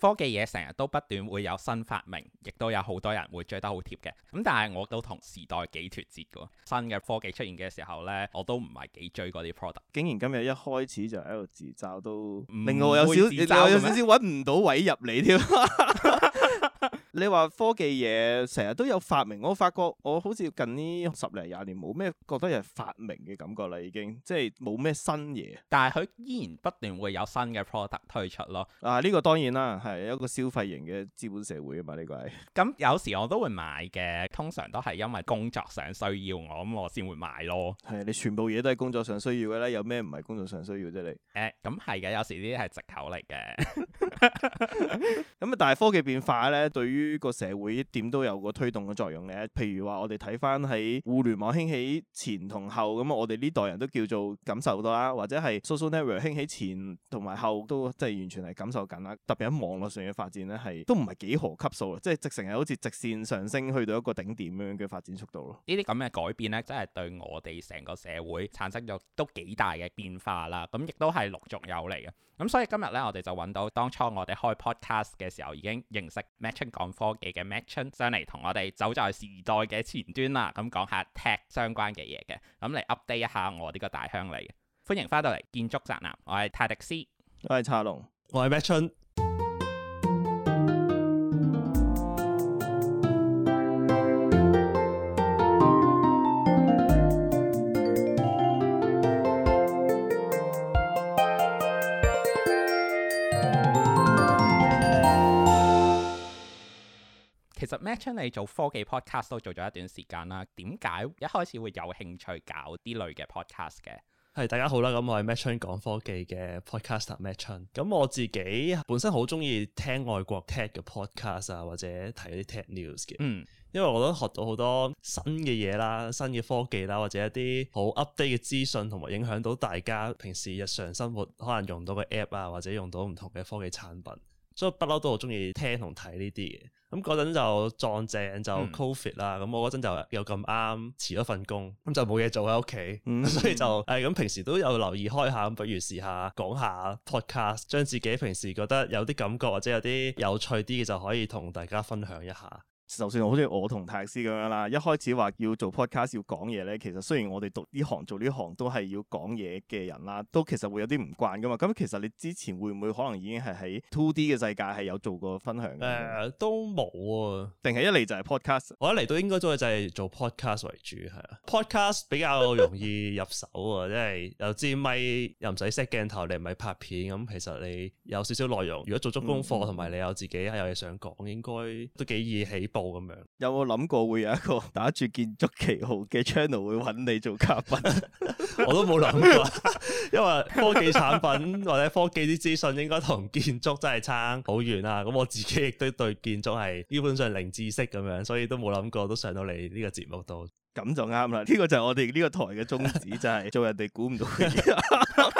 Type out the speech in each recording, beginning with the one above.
科技嘢成日都不斷會有新發明，亦都有好多人會追得好貼嘅。咁但係我都同時代幾脱節嘅。新嘅科技出現嘅時候呢，我都唔係幾追嗰啲 product。竟然今日一開始就喺度自嘲都，令、嗯、我有少自嘲我有少少揾唔到位入嚟添。 你話科技嘢成日都有發明，我發覺我好似近呢十零廿年冇咩覺得有發明嘅感覺啦，已經即係冇咩新嘢。但係佢依然不斷會有新嘅 product 推出咯。啊，呢個當然啦，係一個消費型嘅資本社會啊嘛，呢個係。咁、嗯、有時我都會買嘅，通常都係因為工作上需要我咁、嗯、我先會買咯。係你全部嘢都係工作上需要嘅啦，有咩唔係工作上需要啫你？誒、欸，咁係嘅，有時呢啲係藉口嚟嘅。咁啊，但係科技變化咧，對於於個社會，一點都有個推動嘅作用咧。譬如話，我哋睇翻喺互聯網興起前同後，咁我哋呢代人都叫做感受到啦，或者係 social network 興起前同埋後都即係完全係感受緊啦。特別喺網絡上嘅發展咧，係都唔係幾何級數，即係直成係好似直線上升去到一個頂點咁樣嘅發展速度咯。呢啲咁嘅改變咧，真係對我哋成個社會產生咗都幾大嘅變化啦。咁亦都係陸續有嚟嘅。咁所以今日咧，我哋就揾到當初我哋開 podcast 嘅時候已經認識 madchun 講科技嘅 madchun 上嚟同我哋走在時代嘅前端啦，咁講下 Tech 相關嘅嘢嘅，咁嚟 update 一下我呢個大鄉里。歡迎翻到嚟建築宅男，我係泰迪斯，我係查龍，我係 madchun。madchun 你做科技 podcast 都做咗一段時間啦，點解一開始會有興趣搞啲類嘅 podcast 嘅？係大家好啦，咁我係 madchun 講科技嘅 podcaster madchun。咁我自己本身好中意聽外國 tech 嘅 podcast 啊，或者睇啲 tech news 嘅。嗯，因為我都學到好多新嘅嘢啦，新嘅科技啦，或者一啲好 update 嘅資訊，同埋影響到大家平時日常生活可能用到嘅 app 啊，或者用到唔同嘅科技產品。所以不嬲都好中意聽同睇呢啲嘢。咁嗰陣就撞正就 Covid 啦，咁、嗯、我嗰陣就又咁啱辭咗份工，咁就冇嘢做喺屋企，嗯嗯 所以就誒咁、哎、平時都有留意開下，不如試下講下 Podcast，將自己平時覺得有啲感覺或者有啲有趣啲嘅就可以同大家分享一下。就算好似我同泰斯咁樣啦，一開始話要做 podcast 要講嘢咧，其實雖然我哋讀呢行做呢行都係要講嘢嘅人啦，都其實會有啲唔慣噶嘛。咁其實你之前會唔會可能已經係喺 two D 嘅世界係有做過分享？誒、呃，都冇啊。定係一嚟就係 podcast，我一嚟都應該都係就係做 podcast 為主係啊。podcast 比較容易入手啊， 即係有支咪，又唔使 set 鏡頭，你唔係拍片咁，其實你有少少內容，如果做足功課同埋你有自己係有嘢想講，應該都幾易起咁樣有冇諗過會有一個打住建築旗號嘅 channel 會揾你做嘉賓？ 我都冇諗過，因為科技產品或者科技啲資訊應該同建築真係差好遠啊！咁我自己亦都對建築係基本上零知識咁樣，所以都冇諗過都上到嚟呢個節目度。咁就啱啦！呢個就係我哋呢個台嘅宗旨，就係做人哋估唔到嘅嘢。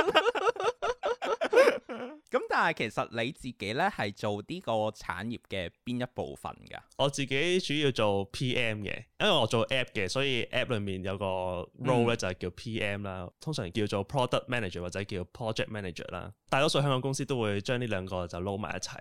咁但係其實你自己咧係做呢個產業嘅邊一部分噶？我自己主要做 PM 嘅，因為我做 app 嘅，所以 app 裏面有個 role 咧、嗯、就係叫 PM 啦，通常叫做 product manager 或者叫 project manager 啦。大多數香港公司都會將呢兩個就撈埋一齊。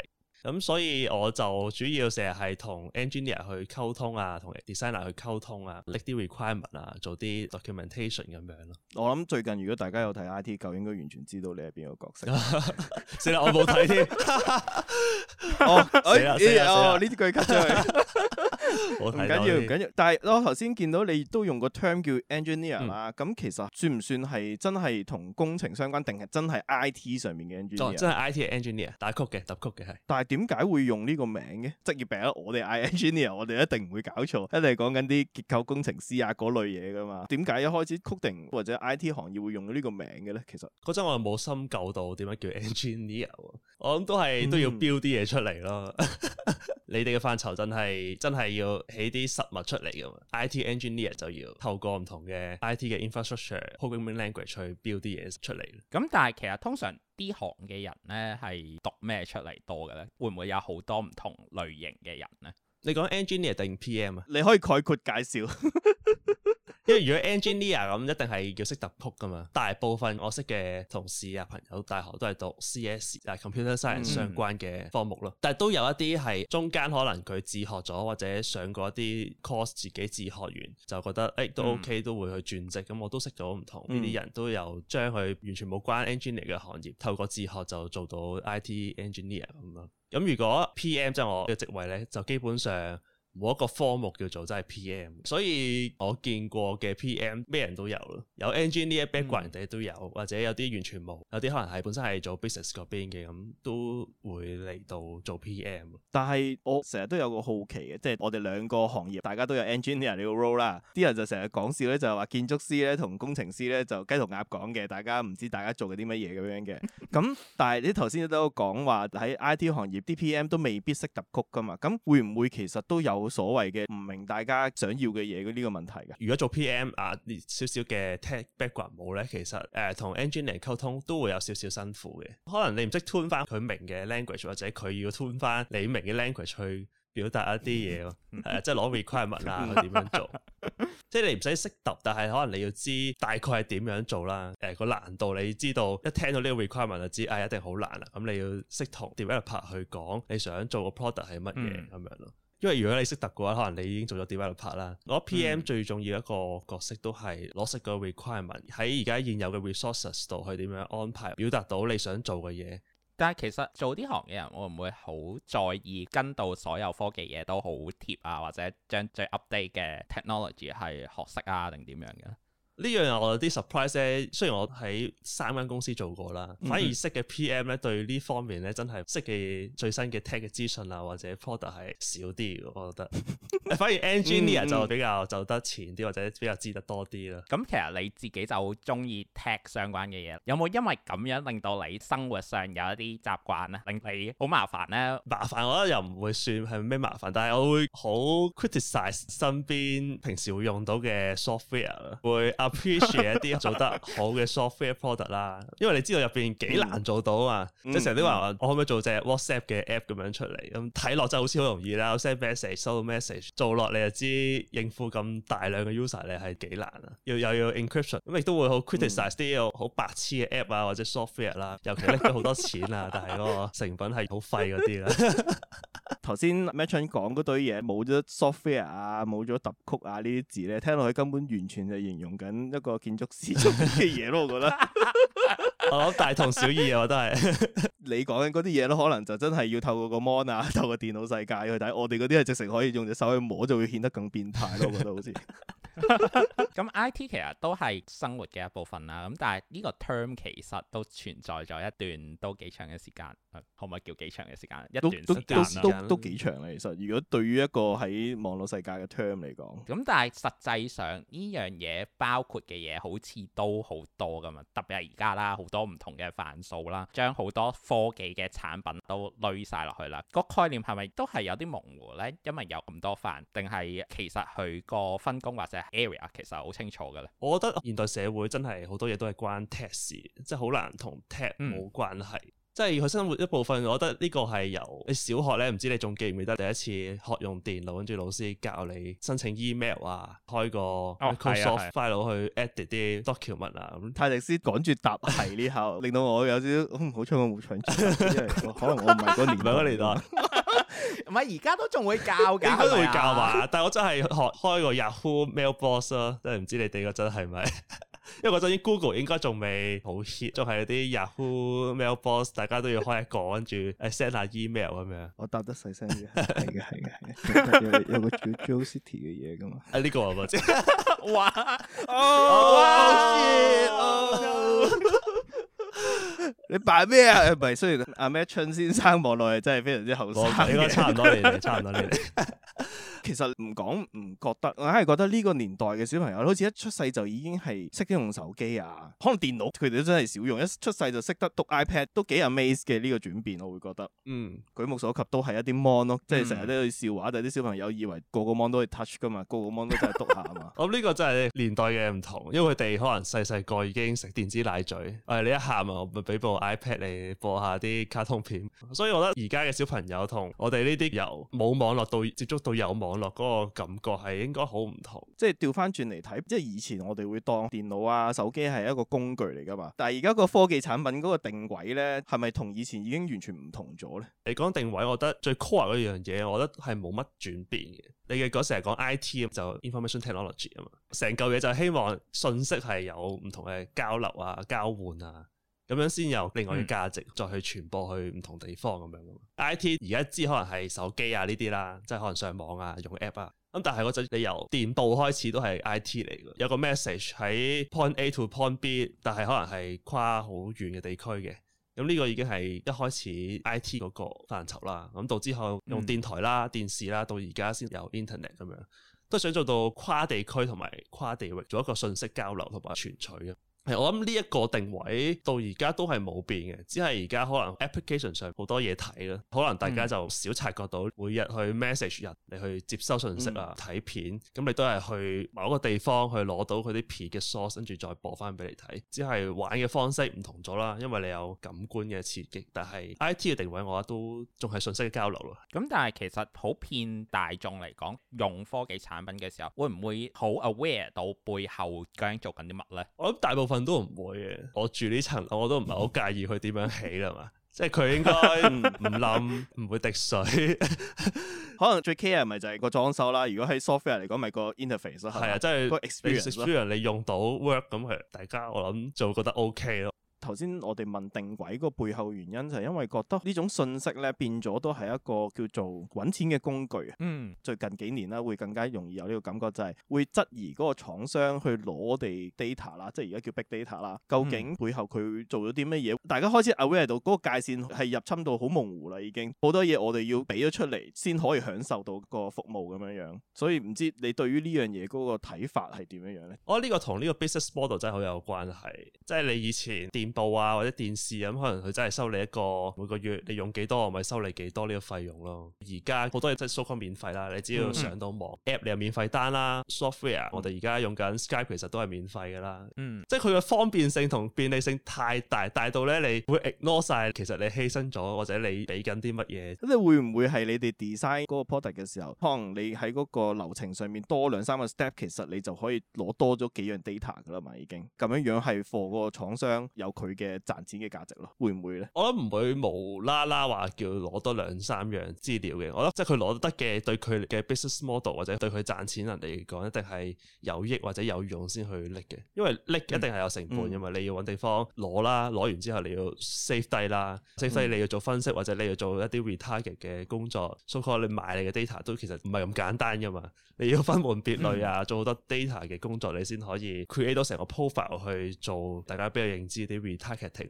咁所以我就主要成日係同 engineer 去溝通啊，同 designer 去溝通啊，a k 拎啲 requirement 啊，做啲 documentation 咁樣咯。我諗最近如果大家有睇 IT 就應該完全知道你係邊個角色。算啦！我冇睇添。哦。呢啲句 cut 咗去。唔緊要，唔緊要。但係我頭先見到你都用個 term 叫 engineer 啦，咁其實算唔算係真係同工程相關，定係真係 IT 上面嘅 engineer？真係 IT 嘅 engineer，打曲嘅，搭曲嘅係。但係點解會用呢個名嘅職業病啦、啊？我哋 I engineer，我哋一定唔會搞錯，一定講緊啲結構工程師啊嗰類嘢噶嘛。點解一開始 coding 或者 I T 行業會用到呢個名嘅咧？其實嗰陣我係冇深究到點解叫 engineer，我諗都係都要 build 啲嘢出嚟咯。嗯、 你哋嘅範疇真係真係要起啲實物出嚟噶嘛？I T engineer 就要透過唔同嘅 I T 嘅 infrastructure programming language 去 build 啲嘢出嚟。咁但係其實通常。呢行嘅人呢係讀咩出嚟多嘅呢？會唔會有好多唔同類型嘅人呢？你講 engineer 定 PM 啊？你可以概括介紹 因為如果 engineer 咁，一定係要識突撲㗎嘛。大部分我識嘅同事啊、朋友、大學都係讀 CS 啊、computer science 相關嘅科目咯。嗯嗯，但係都有一啲係中間可能佢自學咗，或者上過一啲 course 自己自學完，就覺得誒、哎、都 OK，都會去轉職。咁、嗯、我都識咗唔同呢啲人都有將佢完全冇關 engineer 嘅行業，透過自學就做到 IT engineer 咁咯。咁如果 PM 即係我嘅職位咧，就基本上。每一個科目叫做真係 P.M.，所以我見過嘅 P.M. 咩人都有啦，有 engineer 呢一班人哋都有，或者有啲完全冇，有啲可能係本身係做 business 嗰邊嘅，咁都會嚟到做 P.M.。但係我成日都有個好奇嘅，即係我哋兩個行業，大家都有 engineer 呢個 role 啦，啲人就成日講笑，咧就話建築師咧同工程師咧就雞同鴨講嘅，大家唔知大家做嘅啲乜嘢咁樣嘅。咁 但係你頭先都講話喺 I.T. 行業啲 P.M. 都未必識揼曲㗎嘛，咁會唔會其實都有？所謂嘅唔明大家想要嘅嘢嘅呢個問題嘅，如果做 PM 啊少少嘅 tech background 冇咧，其實誒同、呃、engineer 溝通都會有少少辛苦嘅。可能你唔識 turn 翻佢明嘅 language，或者佢要 turn 翻你明嘅 language 去表達一啲嘢咯。啊、 呃，即係攞 requirement 啊，點樣做？ 即係你唔使識讀，但係可能你要知大概係點樣做啦。誒、呃，個難度你知道一聽到呢個 requirement 就知，哎、啊，一定好難啦。咁你要識同 developer 去講你想做個 product 係乜嘢咁樣咯。嗯因為如果你識得嘅話，可能你已經做咗 develop 啦。我覺得 PM 最重要一個角色都係攞實個 requirement，喺而家現有嘅 resources 度去點樣安排，表達到你想做嘅嘢。但係其實做呢行嘅人會唔會好在意跟到所有科技嘢都好貼啊，或者將最 update 嘅 technology 係學識啊定點樣嘅？呢樣嘢我有啲 surprise 咧，雖然我喺三間公司做過啦，反而識嘅 PM 咧對呢方面咧真係識嘅最新嘅 tech 嘅資訊啊，或者 product 係少啲嘅，我覺得。 反而 engineer 就比較走得前啲，或者比較知得多啲啦。咁、嗯、其實你自己就好中意 tech 相關嘅嘢，有冇因為咁樣令到你生活上有一啲習慣咧，令你好麻煩咧？麻煩，我覺得又唔會算係咩麻煩，但係我會好 criticize 身邊平時會用到嘅 software 啊，會 appreciate 一啲做得好嘅 software product 啦，因為你知道入邊幾難做到啊嘛，即係成日都話我可唔可以做隻 WhatsApp 嘅 app 咁樣出嚟，咁睇落真係好似好容易啦，send message 收 message，做落你就知應付咁大量嘅 user 你係幾難啊，要又要 encryption。咁亦都會好 criticize 啲又好白痴嘅 app 啊或者 software 啦，尤其拎咗好多錢啊，但係嗰個成品係好廢嗰啲啦。頭先 madchun 講嗰堆嘢，冇咗 software 啊，冇咗揼曲啊呢啲字咧，聽落去根本完全就形容緊一個建築師中啲嘢，咯， 我覺得， 我諗大同小異啊，我都係 你講嘅嗰啲嘢都可能就真係要透過個 mon 啊，透過電腦世界去睇，我哋嗰啲係直情可以用隻手去摸就會顯得更變態咯，我覺得好似。 咁 I T 其實都係生活嘅一部分啦，咁但係呢個 term 其實都存在咗一段都幾長嘅時間，可唔可以叫幾長嘅時間？一段時間都幾長啦。其實如果對於一個喺網絡世界嘅 term 嚟講，咁、嗯、但係實際上呢樣嘢包括嘅嘢好似都好多噶嘛，特別係而家啦，好多唔同嘅範疇啦，將好多科技嘅產品都累晒落去啦，個概念係咪都係有啲模糊呢？因為有咁多範，定係其實佢個分工或者？area 其實好清楚嘅咧，我覺得現代社會真係好多嘢都係關 test，即係好難同 test 冇關係。嗯、即係佢生活一部分，我覺得呢個係由你小學咧，唔知你仲記唔記得第一次學用電腦，跟住老師教你申請 email 啊，開個 source file 去 edit 啲 document 啊，啊啊啊啊 document 泰迪斯趕住答題呢下， 令到我有少少好彩我冇搶住， 可能我唔係嗰年代嚟得。 唔係而家都仲會教噶，應該會教吧。但係我真係學開個 Yahoo mailbox 咯，真係唔知你哋嗰陣係咪？因為嗰陣 Google 應該仲未好 hit，仲係啲 Yahoo mailbox，大家都要開一個跟住誒 send 下 email 咁樣。我答得細聲啲，係啊係啊，有有個叫 GeoCities 嘅嘢噶嘛？啊呢個啊嘛，哇 o 你扮咩啊？唔係雖然阿、啊、麥春先生望落去真係非常之後生，應該差唔多年 差唔多年齡。年 其實唔講唔覺得，我係覺得呢個年代嘅小朋友，好似一出世就已經係識用手機啊，可能電腦佢哋都真係少用，一出世就識得讀 iPad，都幾 amaze 嘅呢、這個轉變，我會覺得。嗯，舉目所及都係一啲 mon 咯，嗯、即係成日都去笑話，但係啲小朋友以為個個 mon 都可以 touch 噶嘛，個個 mon 都真係篤下嘛。咁呢 個真係年代嘅唔同，因為佢哋可能細細個已經食電子奶嘴，誒、哎呃，你一喊啊，我俾。部 iPad 嚟播下啲卡通片，所以我覺得而家嘅小朋友同我哋呢啲由冇網絡到接觸到有網絡嗰個感覺係應該好唔同。即係調翻轉嚟睇，即係以前我哋會當電腦啊、手機係一個工具嚟噶嘛。但係而家個科技產品嗰個定位呢，係咪同以前已經完全唔同咗呢？你講定位，我覺得最 core 樣嘢，我覺得係冇乜轉變嘅。你嘅嗰時係講 IT 啊，就 information technology 啊嘛，成嚿嘢就希望信息係有唔同嘅交流啊、交換啊。咁樣先有另外嘅價值、嗯、再去傳播去唔同地方咁樣。I T 而家知可能係手機啊呢啲啦，即係可能上網啊、用 app 啊。咁但係嗰陣你由電報開始都係 I T 嚟嘅，有個 message 喺 point A to point B，但係可能係跨好遠嘅地區嘅。咁呢個已經係一開始 I T 嗰個範疇啦。咁到之後用電台啦、啊、電視啦、啊，到而家先有 internet 咁樣，都想做到跨地區同埋跨地域做一個信息交流同埋傳取啊。係，我諗呢一個定位到而家都係冇變嘅，只係而家可能 application 上好多嘢睇咯，可能大家就少察覺到每日去 message 人，你去接收信息啊，嗯、睇片，咁你都係去某一個地方去攞到佢啲片嘅 source，跟住再播翻俾你睇。只係玩嘅方式唔同咗啦，因為你有感官嘅刺激，但係 IT 嘅定位我覺得都仲係信息嘅交流咯。咁但係其實普遍大眾嚟講用科技產品嘅時候，會唔會好 aware 到背後究竟做緊啲乜呢？我諗大部分，都唔會嘅，我住呢層，我都唔係好介意佢點樣起啦嘛。 即係佢應該唔冧，唔 會滴水。 可能最 care 咪就係個裝修啦。如果喺 software 嚟講咪個 interface 係啊，吧即係是個 experience。你，ex 你用到 work 咁，啊，係大家我諗就會覺得 OK 咯。頭先我哋問定位個背後原因就係、是、因為覺得呢種信息咧變咗都係一個叫做搵錢嘅工具。嗯，最近幾年咧會更加容易有呢個感覺，就係、是、會質疑嗰個廠商去攞我哋 data 啦，即係而家叫 big data 啦。究竟背後佢做咗啲乜嘢？嗯、大家開始 aware 到嗰個界線係入侵到好模糊啦，已經好多嘢我哋要俾咗出嚟先可以享受到個服務咁樣樣。所以唔知你對於樣呢樣嘢嗰個睇法係點樣樣咧？我覺得呢個同呢個 business model 真係好有關係，即、就、係、是、你以前度啊或者電視咁、嗯、可能佢真係收你一個，每個月你用幾多我咪收你幾多呢個費用咯。而家好多嘢真係 so called 免費啦，你只要上到網 app 你有免費單啦，software 我哋而家用緊 Skype 其實都係免費噶啦。嗯，即係佢嘅方便性同便利性太大，大到咧你會 ignore 晒，其實你犧牲咗或者你俾緊啲乜嘢。咁你會唔會係你哋 design 嗰個 product 嘅時候，可能你喺嗰個流程上面多兩三個 step，其實你就可以攞多咗幾樣 data 噶啦嘛，已經咁樣樣係貨個廠商有佢。佢嘅賺錢嘅價值咯，會唔會咧？我諗唔會無啦啦話叫攞多兩三樣資料嘅。我覺得即係佢攞得嘅，對佢嘅 business model 或者對佢賺錢能力嚟講一定係有益或者有用先去拎嘅。因為拎一定係有成本嘅嘛，嗯、因為你要揾地方攞啦，攞完之後你要 save 低啦，嗯、save 低你要做分析或者你要做一啲 retarget 嘅工作 so，嗯、你買你嘅 data 都其實唔係咁簡單嘅嘛。你要分門別類啊，嗯、做好多 data 嘅工作，你先可以 create 到成個 profile 去做大家比較認知啲，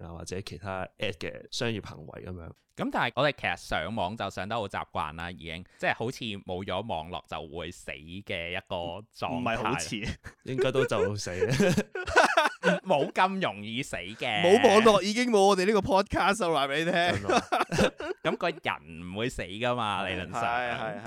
或者其他 ad 嘅商業行為咁樣。咁、嗯、但係我哋其實上網就上得好習慣啦，已經即係好似冇咗網絡就會死嘅一個狀態。唔係好似， 應該都就死。 冇咁 容易死嘅，冇網絡已經冇我哋呢個 podcast 話俾你聽。咁 個 人唔會死噶嘛，理論上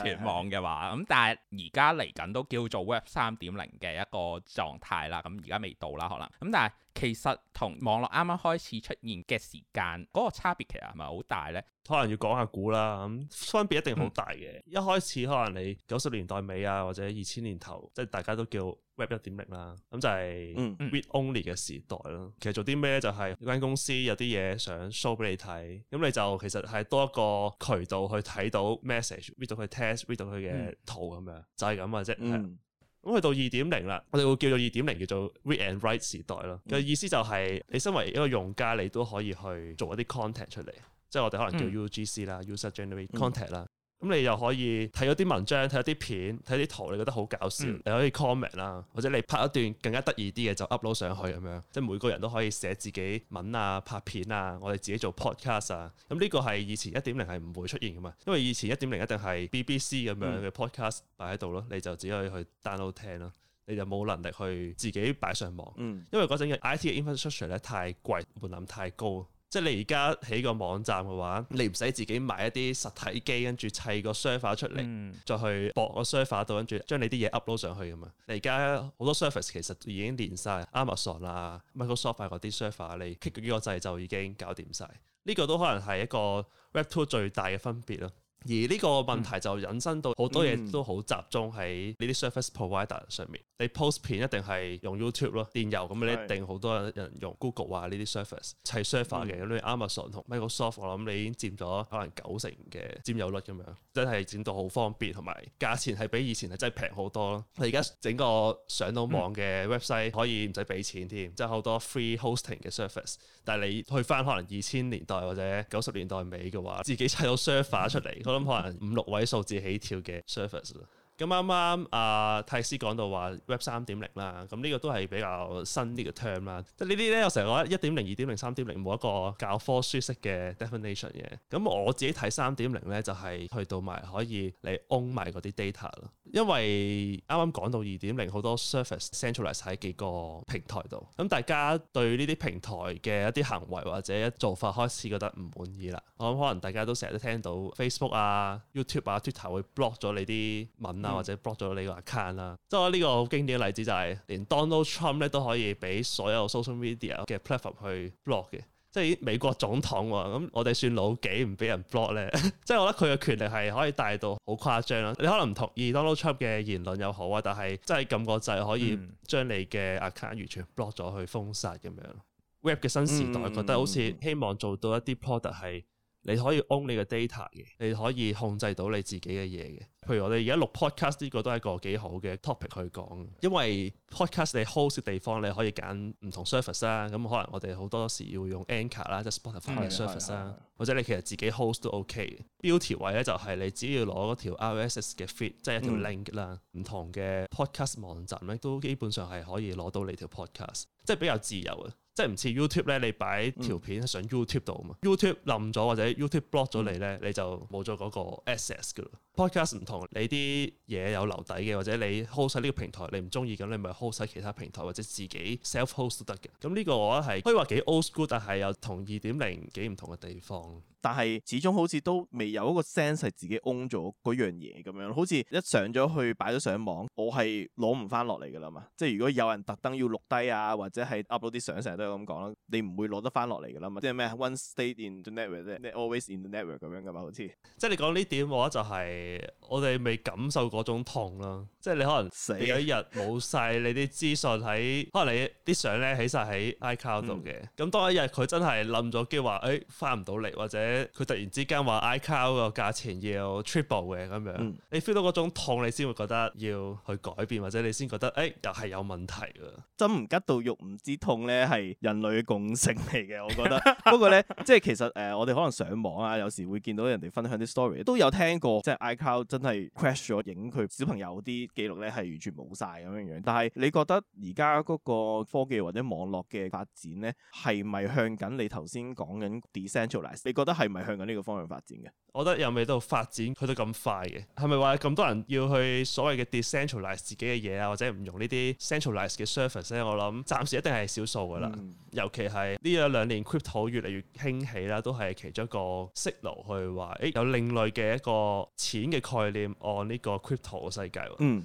斷網嘅話，咁 is，但係而家嚟緊都叫做 web 三點零嘅一個狀態啦。咁而家未到啦，可能咁但係其實同網絡啱啱開始出現嘅時間嗰、那個差別其實係咪好大呢？可能要講下古啦，咁分別一定好大嘅。嗯、一開始可能你九十年代尾啊，或者二千年頭，即係大家都叫。一點零啦，咁就係 read-only 嘅時代咯。嗯嗯、其實做啲咩就係呢間公司有啲嘢想 show 俾你睇，咁你就其實係多一個渠道去睇到 message，read 到佢 test，read 到佢嘅圖咁樣，就係咁嘅啫。咁去、嗯嗯、到二點零啦，我哋會叫做二點零叫做 read and write 時代咯。嘅、嗯、意思就係你身為一個用家，你都可以去做一啲 content 出嚟，即係我哋可能叫 UGC 啦，user-generated content、嗯、啦。咁你又可以睇咗啲文章、睇咗啲片、睇啲圖，你覺得好搞笑，嗯、你可以 comment 啦，或者你拍一段更加得意啲嘅就 upload 上，上去咁樣，嗯、即係每個人都可以寫自己文啊、拍片啊，我哋自己做 podcast 啊。咁呢個係以前一點零係唔會出現㗎嘛，因為以前一點零一定係 BBC 咁樣嘅 podcast 擺喺度、嗯、咯，你就只可以去 download 聽咯，你就冇能力去自己擺上網，嗯、因為嗰陣嘅 IT 嘅 infrastructure 咧太貴，門檻太高。即係你而家起個網站嘅話，你唔使自己買一啲實體機，跟住砌個 server 出嚟，嗯、再去駁個 server 度，跟住將你啲嘢 upload 上去㗎嘛！你而家好多 service 其實已經連晒 Amazon 啊、Microsoft 嗰啲 server，你撳幾個掣就已經搞掂晒。呢、這個都可能係一個 Web 2最大嘅分別咯。而呢個問題就引申到好多嘢都好集中喺呢啲 service provider 上面，你 post 片一定係用 YouTube 咯，電郵咁你一定好多人用 Google 啊呢啲 service 砌 server 嘅。咁你 Amazon 同 Microsoft 我諗你已經佔咗可能九成嘅佔有率咁樣，真係整到好方便，同埋價錢係比以前係真係平好多咯。佢而家整個上到網嘅 website 可以唔使俾錢添，即係好多 free hosting 嘅 service，但係你去翻可能二千年代或者九十年代尾嘅話，自己砌到 server 出嚟，嗯我諗可能五六位數字起跳嘅 service。咁啱啱阿泰斯講到話 Web 三點零啦，咁、嗯、呢、這個都係比較新啲嘅 term 啦。即係呢啲咧，我成日覺得一點零、二點零、三點零冇一個教科書式嘅 definition 嘅。咁、嗯、我自己睇三點零咧，就係去到埋可以你 own 埋啲 data 啦，因為啱啱講到二點零好多 service centralize 喺幾個平台度，咁、嗯、大家對呢啲平台嘅一啲行為或者做法開始覺得唔滿意啦。我、嗯、諗可能大家都成日都聽到 Facebook 啊、YouTube 啊、Twitter 會 block 咗你啲文啊。或者 block 咗你個 account 啦，即係我覺得呢個好經典嘅例子就係、是、連 Donald Trump 咧都可以俾所有 social media 嘅 platform 去 block 嘅，即係美國總統喎、啊，咁我哋算老幾唔俾人 block 咧？ 即係我覺得佢嘅權力係可以大到好誇張啦。你可能唔同意 Donald Trump 嘅言論又好啊，但係真係撳個掣可以將你嘅 account 完全 block 咗去封殺咁樣。嗯、Web 嘅新時代覺得好似希望做到一啲 product 係，你可以 own 你嘅 data 嘅，你可以控制到你自己嘅嘢嘅。譬如我哋而家錄 podcast 呢個都係一個幾好嘅 topic 去講，因為 podcast 你 host 地方你可以揀唔同 service 啦、啊，咁、嗯嗯、可能我哋好多時要用 Anchor 啦，即係 spotify 嘅 service 啦，或者你其實自己 host 都 OK、嗯。標條位咧就係、是、你只要攞嗰條 RSS 嘅 feed 即係一條 link、嗯、啦，唔同嘅 podcast 網站咧都基本上係可以攞到你條 podcast，即係比較自由嘅。即係唔似 YouTube 咧，你擺條片上，YouTube 上、嗯、YouTube 度嘛？YouTube 冧咗或者 YouTube block 咗你咧，嗯、你就冇咗嗰個 access 噶啦。Podcast 唔同，你啲嘢有留底嘅，或者你 host 喺呢個平台，你唔中意咁，你咪 host 喺其他平台或者自己 self host 都得嘅。咁呢個我覺得係可以話幾 old school，但係又同二點零幾唔同嘅地方。但係始終好似都未有一個 sense 係自己 own 咗嗰樣嘢咁樣，好似一上咗去擺咗上網，我係攞唔翻落嚟㗎啦嘛。即係如果有人特登要錄低啊，或者係 upload 啲相，成日都係咁講啦，你唔會攞得翻落嚟㗎啦嘛。即係咩？One stay in the network，即係你 always in the network 咁樣㗎嘛？好似即係你講呢點嘅話，就係、是、我哋未感受嗰種痛啦、啊。即係你可能死咗一日冇晒你啲資訊喺， 可能你啲相咧起曬喺 iCloud 度嘅、嗯。咁當一日佢真係冧咗機，話誒翻唔到嚟，或者佢突然之間話 iCloud 個價錢要 triple 嘅咁樣，嗯、你 feel 到嗰種痛，你先會覺得要去改變，或者你先覺得，誒、哎、又係有問題啊！針唔吉到肉唔知痛咧，係人類嘅共性嚟嘅，我覺得。 不過咧，即係其實誒、呃，我哋可能上網啊，有時會見到人哋分享啲 story，都有聽過即係 iCloud 真係 crash 咗，影佢小朋友啲記錄咧係完全冇晒咁樣樣。但係你覺得而家嗰個科技或者網絡嘅發展咧，係咪向緊你頭先講緊 decentralize 你覺得？係咪向緊呢個方向發展嘅？我覺得又未到發展去到咁快嘅。係咪話咁多人要去所謂嘅 decentralize 自己嘅嘢啊？或者唔用呢啲 centralize 嘅 service 咧？我諗暫時一定係少數噶啦。嗯、尤其係呢一兩年 crypto 越嚟越興起啦，都係其中一個思路去話，誒、欸，有另類嘅一個錢嘅概念按呢個 crypto 嘅世界。嗯。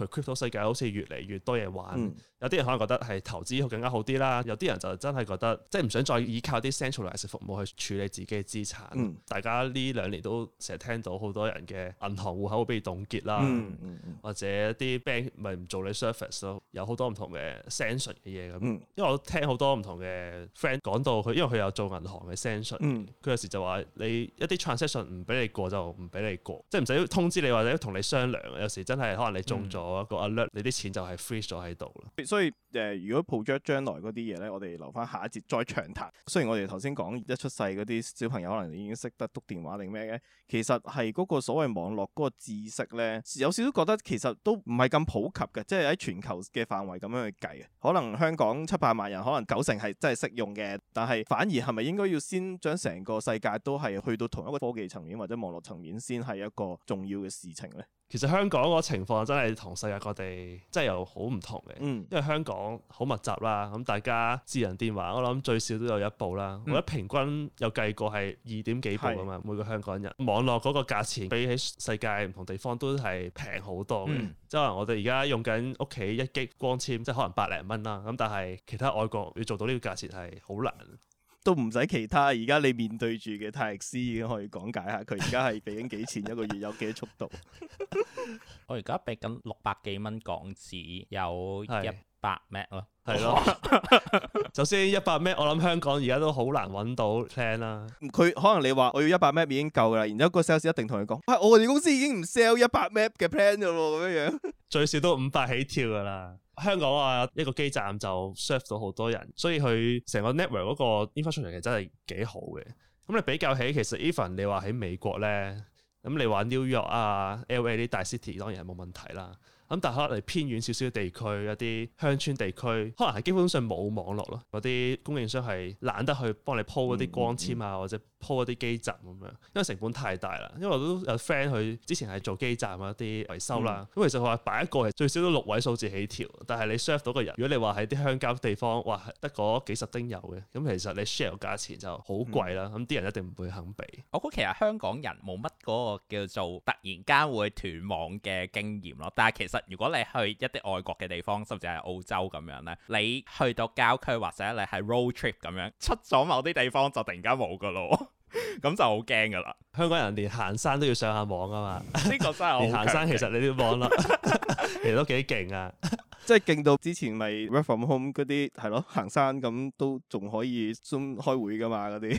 佢 crypto 世界好似越嚟越多嘢玩，嗯、有啲人可能覺得係投資會更加好啲啦，有啲人就真係覺得即係唔想再依靠啲 centralized 服務去處理自己嘅資產，嗯、大家呢兩年都成日聽到好多人嘅銀行戶口會被凍結啦，嗯嗯、或者啲 bank 咪唔做你 service, surface 咯，有好多唔同嘅 sanction 嘅嘢咁。因為我聽好多唔同嘅 friend 講到佢，因為佢有做銀行嘅 sanction 佢有時就話你一啲 transaction 唔俾你過就唔俾你過，即係唔使通知你或者同你商量，有時真係可能你中咗、嗯。一個 alert，你啲錢就係 freeze 咗喺度啦。所以誒、呃，如果 project 將來嗰啲嘢咧，我哋留翻下，下一節再長談。雖然我哋頭先講一出世嗰啲小朋友可能已經識得篤電話定咩嘅，其實係嗰個所謂網絡嗰個知識咧，有少少覺得其實都唔係咁普及嘅，即係喺全球嘅範圍咁樣去計，可能香港七百萬人可能九成係真係識用嘅，但係反而係咪應該要先將成個世界都係去到同一個科技層面或者網絡層面先係一個重要嘅事情咧？其實香港個情況真係同世界各地真有，真係又好唔同嘅。因為香港好密集啦，咁大家智能電話，我諗最少都有一部啦。嗯、我覺得平均有計過係二點幾部㗎嘛。是每個香港人。網絡嗰個價錢比起世界唔同地方都係平好多嘅。嗯、即係話我哋而家用緊屋企 1G 光纖，即係可能百零蚊啦。咁但係其他外國要做到呢個價錢係好難。都唔使其他，而家你面對住嘅泰迪斯已經可以講解下，佢而家係俾緊幾錢一個月， 有幾速度？我而家俾緊六百幾蚊港紙，有一百 Mbps。係咯了，首先一百 Mbps 我諗香港而家都好難揾到 plan 啦。佢可能你話我要一百 Mbps 已經夠啦，然之後個 sales 一定同你講，哎，我哋公司已經唔 sell 一百 Mbps 嘅 plan 咗喎，咁樣樣最少都五百起跳噶啦。香港啊，一個基站就 serve 到好多人，所以佢成個 network 嗰個 infrastructure 其實真係幾好嘅。咁、嗯、你比較起，其實 even 你話喺美國咧，咁、嗯、你話 New York 啊、LA 啲大 city 當然係冇問題啦。咁但係可能你偏遠少少地區一啲鄉村地區，可能係基本上冇網絡咯。嗰啲供應商係懶得去幫你鋪嗰啲光纖啊，或者、嗯嗯嗯。鋪一啲基站咁樣，因為成本太大啦。因為我都有 friend 佢之前係做基站一啲維修啦。咁、嗯、其實佢話擺一個係最少都六位數字起跳，但係你 serve 到個人，如果你話喺啲鄉郊地方，哇得嗰幾十丁友嘅，咁其實你 share 個價錢就好貴啦。咁啲、嗯、人一定唔會肯俾。我估其實香港人冇乜嗰個叫做突然間會斷網嘅經驗咯。但係其實如果你去一啲外國嘅地方，甚至係澳洲咁樣咧，你去到郊區或者你係 road trip 咁樣，出咗某啲地方就突然間冇㗎咯。咁 就好驚噶啦！香港人連行山都要上下網噶嘛？呢個真係連行山其實你啲網絡 其實都幾勁啊！即係勁到之前咪 work from home 嗰啲係咯，行山咁都仲可以 Zoom 開會噶嘛？嗰啲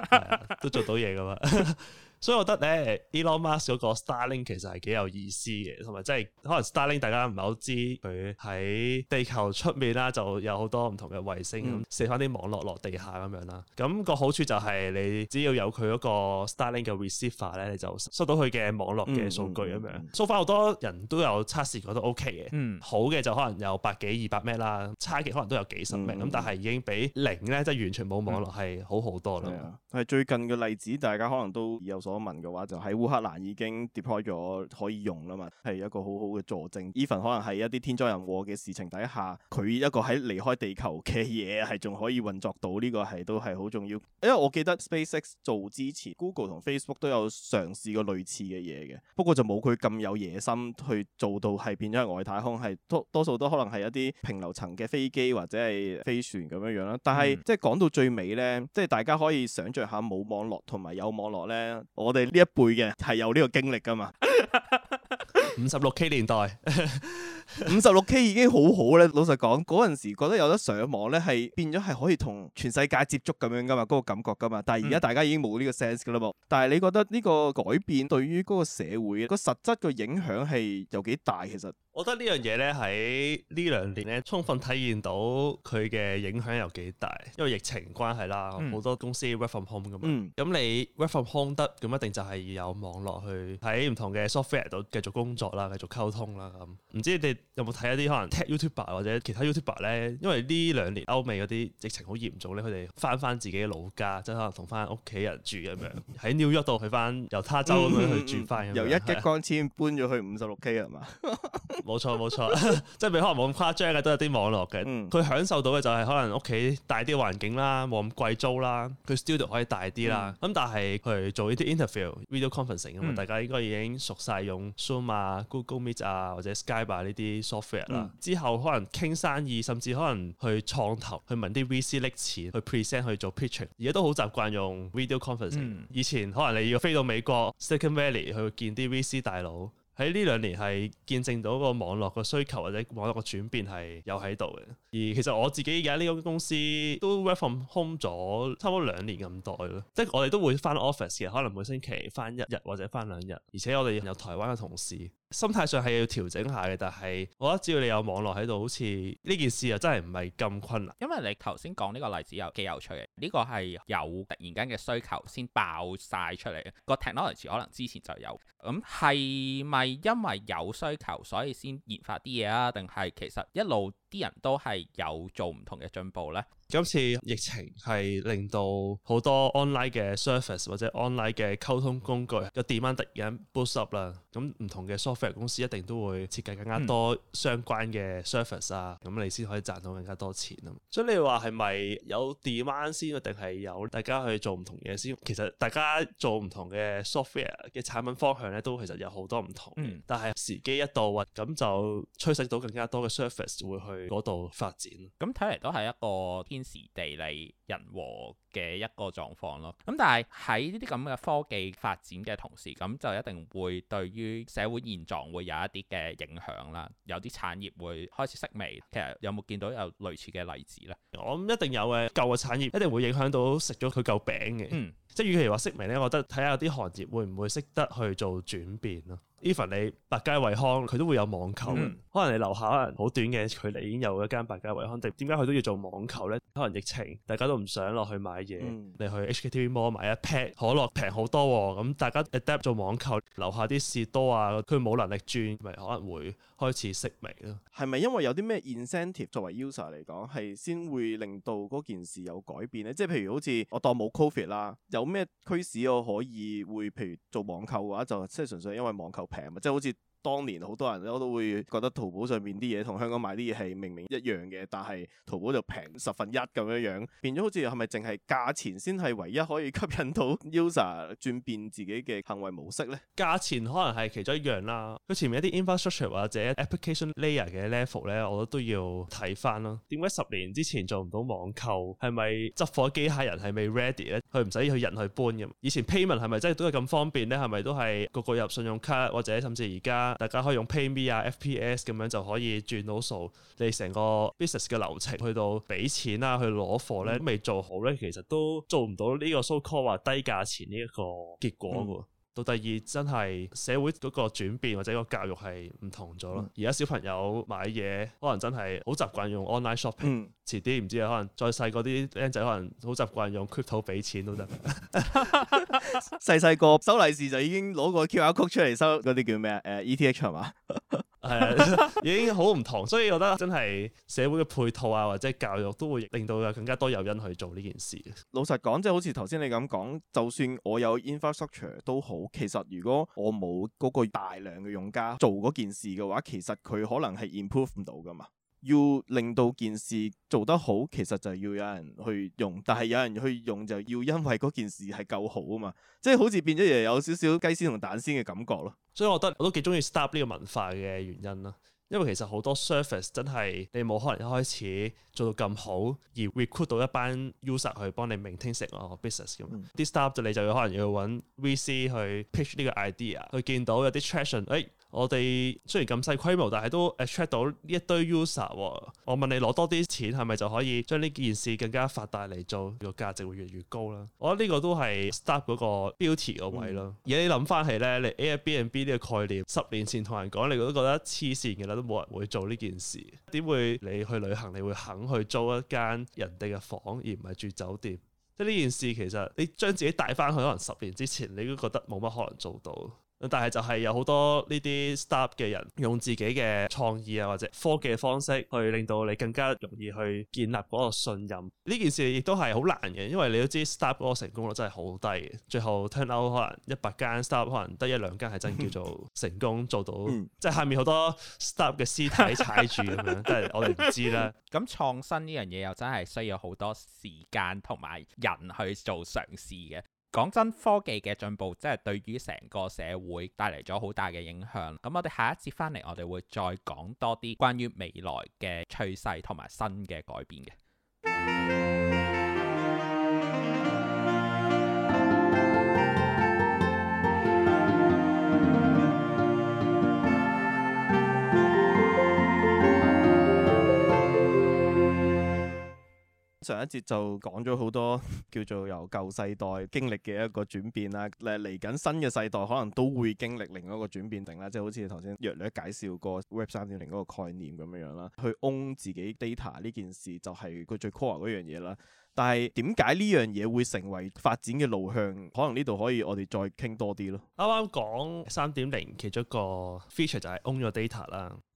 都做到嘢噶嘛？ 所以我覺得咧，Elon Musk 嗰個 Starlink 其實係幾有意思嘅，同埋即係可能 Starlink 大家唔係好知，佢喺地球出面啦，就有好多唔同嘅衛星咁，射翻啲網絡落地下咁樣啦。咁、嗰個好處就係你只要有佢嗰個 Starlink 嘅 receiver 咧，你就收到佢嘅網絡嘅數據咁、嗯嗯、樣，So far 好多人都有測試過都 OK 嘅。嗯。好嘅就可能有百幾二百米啦，差極可能都有幾十米、ah, 嗯。咁但係已經比零咧、嗯、即係完全冇網絡係、嗯、好好多啦。係係最近嘅例子，大家可能都有所所問嘅話，就喺烏克蘭已經 deploy 咗可以用啦嘛，係一個好好嘅佐證。Even 可能係一啲天災人禍嘅事情底下，佢一個喺離開地球嘅嘢係仲可以運作到，呢個係都係好重要。因為我記得 SpaceX 做之前，Google 同 Facebook 都有嘗試過類似嘅嘢嘅，不過就冇佢咁有野心去做到係變咗外太空，係多多數都可能係一啲平流層嘅飛機或者係飛船咁樣樣啦。但係即係講到最尾呢，即係大家可以想像下冇網絡同埋有，有網絡呢。我哋呢一輩嘅係有呢個經歷噶嘛，五十六 K 年代，五十六 K 已經好好咧。老實講，嗰陣時覺得有得上網咧，係變咗係可以同全世界接觸咁樣噶嘛，嗰、那個感覺噶嘛。但係而家大家已經冇呢個 sense 噶啦噃。嗯、但係你覺得呢個改變對於嗰個社會個實質嘅影響係有幾大？其實？我覺得呢樣嘢呢，喺呢兩年呢，充分體現到佢嘅影響有幾大，因為疫情關係啦，好多公司 work from home 噶嘛。咁你 work from home 得，咁一定就係有網絡去喺唔同嘅 software 度繼續工作啦，繼續溝通啦。咁唔知你哋有冇睇一啲可能 tech YouTuber 或者其他 YouTuber 呢？因為呢兩年歐美嗰啲疫情好嚴重呢，佢哋翻翻自己老家，即係可能同翻屋企人住咁樣。喺 New York 度去翻猶他州咁樣去住翻、 嗯嗯嗯，由一億光纖搬咗去五十六 k 係嘛？ 冇錯冇錯，錯 即係可能冇咁誇張嘅，都有啲網絡嘅。佢、嗯、享受到嘅就係可能屋企大啲環境啦，冇咁貴租啦。佢 studio 可以大啲啦。咁、嗯、但係佢做呢啲 interview、video conferencing 啊，大家應該已經熟晒用 Zoom 啊、Google Meet 啊或者 Skype 啊呢啲 software 啦。嗯、之後可能傾生意，甚至可能去創投去問啲 VC 拎錢，去 present 去做 pitching，而家都好習慣用 video conferencing。嗯、以前可能你要飛到美國 Silicon Valley 去見啲 VC 大佬。喺呢兩年係見證到個網絡嘅需求或者網絡嘅轉變係有喺度嘅，而其實我自己而家呢間公司都 work from home 咗差唔多兩年咁多咯，即係我哋都會返 office 嘅，可能每星期返一日或者返兩日，而且我哋有台灣嘅同事。心態上係要調整下嘅，但係我覺得只要你有網絡喺度，好似呢件事又真係唔係咁困難。因為你頭先講呢個例子又幾有趣嘅，呢、呢個係有突然間嘅需求先爆晒出嚟嘅，個 technology 可能之前就有。咁係咪因為有需求所以先研發啲嘢啊？定係其實一路？啲人都係有做唔同嘅進步咧。今次疫情係令到好多 online 嘅 service 或者 online 嘅溝通工具嘅 demand 突然間 boost up 啦。咁唔同嘅 software 公司一定都會設計更加多相關嘅 service 啊，咁你先可以賺到更加多錢啊。所以你話係咪有 demand 先，定係有大家去做唔同嘢先？其實大家做唔同嘅 software 嘅產品方向咧，都其實有好多唔同。嗯。但係時機一到，咁就趨勢到更加多嘅 service 會去。嗰度發展，咁睇嚟都係一個天時地利人和嘅一個狀況咯，咁但係喺呢啲咁嘅科技發展嘅同時，咁就一定會對於社會現狀會有一啲嘅影響啦。有啲產業會開始式微，其實有冇見到有類似嘅例子呢？我諗、嗯嗯、一定有嘅舊嘅產業一定會影響到食咗佢嚿餅嘅，嗯，即係與其話式微呢，我覺得睇下有啲行業會唔會識得去做轉變咯。Even 你百佳惠康佢都會有網購，嗯、可能你樓下可能好短嘅距離已經有一間百佳惠康，定點解佢都要做網購呢？可能疫情大家都唔想落去買。嘢，嗯、你去 HKTVmall 買一 pack 可樂平好多喎、哦，咁、嗯、大家 adapt 做網購，留下啲士多啊，佢冇能力轉，咪可能會開始式微咯。係咪因為有啲咩 incentive 作為 user 嚟講係先會令到嗰件事有改變咧？即係譬如好似我當冇 COVID 啦，有咩驅使我可以會譬如做網購嘅話，就即係純粹因為網購平嘛，即係好似。當年好多人咧，我都會覺得淘寶上面啲嘢同香港買啲嘢係明明一樣嘅，但係淘寶就平十分一咁樣樣，變咗好似係咪淨係價錢先係唯一可以吸引到 user 轉變自己嘅行為模式呢？價錢可能係其中一樣啦，佢前面一啲 infrastructure 或者 application layer 嘅 level 咧，我都要睇翻咯。點解十年之前做唔到網購？係咪執貨機械人係未 ready 咧？佢唔使去人去搬嘅，以前 payment 係咪真係都係咁方便咧？係咪都係個個入信用卡或者甚至而家？大家可以用 PayMe 啊、FPS 咁樣就可以轉到數，你成個 business 嘅流程去到俾錢啦、啊，去攞貨咧、嗯、未做好咧，其實都做唔到呢個 so call 話低價錢呢一個結果喎。嗯到第二真係社會嗰個轉變或者個教育係唔同咗咯，而家、嗯、小朋友買嘢可能真係好習慣用 online shopping，遲啲唔知啊，可能再細個啲僆仔可能好習慣用 crypto 俾錢都得，細細個收利是就已經攞個 QR code 出嚟收嗰啲叫咩啊？誒、uh, ETH 係嘛？ 係， 已經好唔同，所以我覺得真係社會嘅配套啊，或者教育都會令到有更加多有心去做呢件事。老實講，即係好似頭先你咁講，就算我有 infrastructure 都好，其實如果我冇嗰個大量嘅用家做嗰件事嘅話，其實佢可能係 improve 唔到噶嘛。要令到件事做得好，其實就要有人去用，但係有人去用就要因為嗰件事係夠好啊嘛，即係好似變咗有少少雞先同蛋先嘅感覺咯。所以我覺得我都幾中意 startup 呢個文化嘅原因啦，因為其實好多 service 真係你冇可能一開始做到咁好而 recruit 到一班 user 去幫你 maintain 成個 business 咁，啲 startup 就你就要可能要揾 VC 去 pitch 呢個 idea，去見到有啲、哎「traction 我哋雖然咁細規模，但係都 attract 到呢一堆 user。我問你攞多啲錢係咪就可以將呢件事更加發達嚟做，個價值會越嚟越高啦？我覺得呢個都係 start 嗰個 beauty 嘅位咯。嗯、而家你諗翻起呢，你 Airbnb 呢個概念，十年前同人講你都覺得黐線嘅啦，都冇人會做呢件事。點會你去旅行，你會肯去租一間人哋嘅房而唔係住酒店？即係呢件事其實你將自己帶翻去，可能十年之前你都覺得冇乜可能做到。但係就係有好多呢啲 startup 嘅人用自己嘅創意啊，或者科技嘅方式去令到你更加容易去建立嗰個信任。呢 件事亦都係好難嘅，因為你都知 startup 嗰個成功率真係好低，最後 turn out 可能一百間 startup 可能得一兩間係真叫做成功做到， 即係下面好多 startup 嘅屍體踩住咁樣，真係 我哋唔知啦。咁 創新呢樣嘢又真係需要好多時間同埋人去做嘗試嘅。講真，科技嘅進步真係對於成個社會帶嚟咗好大嘅影響。咁我哋下一節翻嚟，我哋會再講多啲關於未來嘅趨勢同埋新嘅改變嘅。 上一節就講咗好多叫做由舊世代經歷嘅一個轉變啦，誒嚟緊新嘅世代可能都會經歷另外一個轉變定啦，即係好似你頭先約略介紹過 Web 三點零嗰個概念咁樣樣啦，去 Own 自己 data 呢件事就係佢最 core 嗰樣嘢啦。但係點解呢樣嘢會成為發展嘅路向？可能呢度可以我哋再傾多啲咯。啱啱講三點零其中一個 feature 就係 Own your data 啦。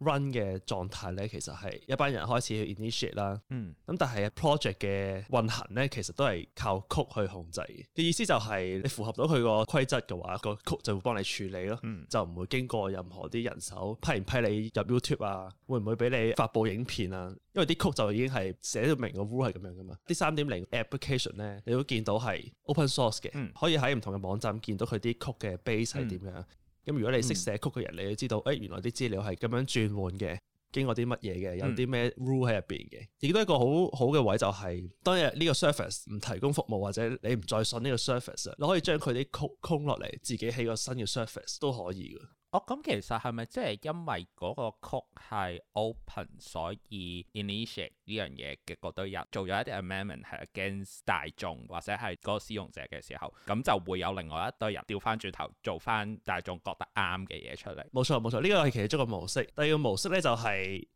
Run 嘅狀態咧，其實係一班人開始去 initiate 啦。嗯，咁但係 project 嘅運行咧，其實都係靠 code 去控制嘅。意思就係你符合到佢個規則嘅話，個 code 就會幫你處理咯。嗯、就唔會經過任何啲人手批唔批你入 YouTube 啊，會唔會俾你發布影片啊？因為啲 code 就已經係寫到明個 rule 係咁樣噶嘛。啲三點零 application 咧，你都見到係 open source 嘅，嗯、可以喺唔同嘅網站見到佢啲 code 嘅 base 係點樣。嗯咁如果你識寫曲嘅人，你都知道，誒、哎、原來啲資料係咁樣轉換嘅，經過啲乜嘢嘅，有啲咩 rule 喺入邊嘅，亦都、嗯、一個好好嘅位、就係，就係當日呢個 service 唔提供服務或者你唔再信呢個 service 你可以將佢啲曲空落嚟，自己起個新嘅 service 都可以嘅。咁、哦嗯、其實係咪即係因為嗰個曲係 open，所以 initiate 呢樣嘢嘅嗰堆人做咗一啲 amendment 係 against 大眾或者係嗰個使用者嘅時候，咁就會有另外一堆人調翻轉頭做翻大眾覺得啱嘅嘢出嚟？冇錯，冇錯，呢、呢個係其中一個模式。第二個模式咧就係、是。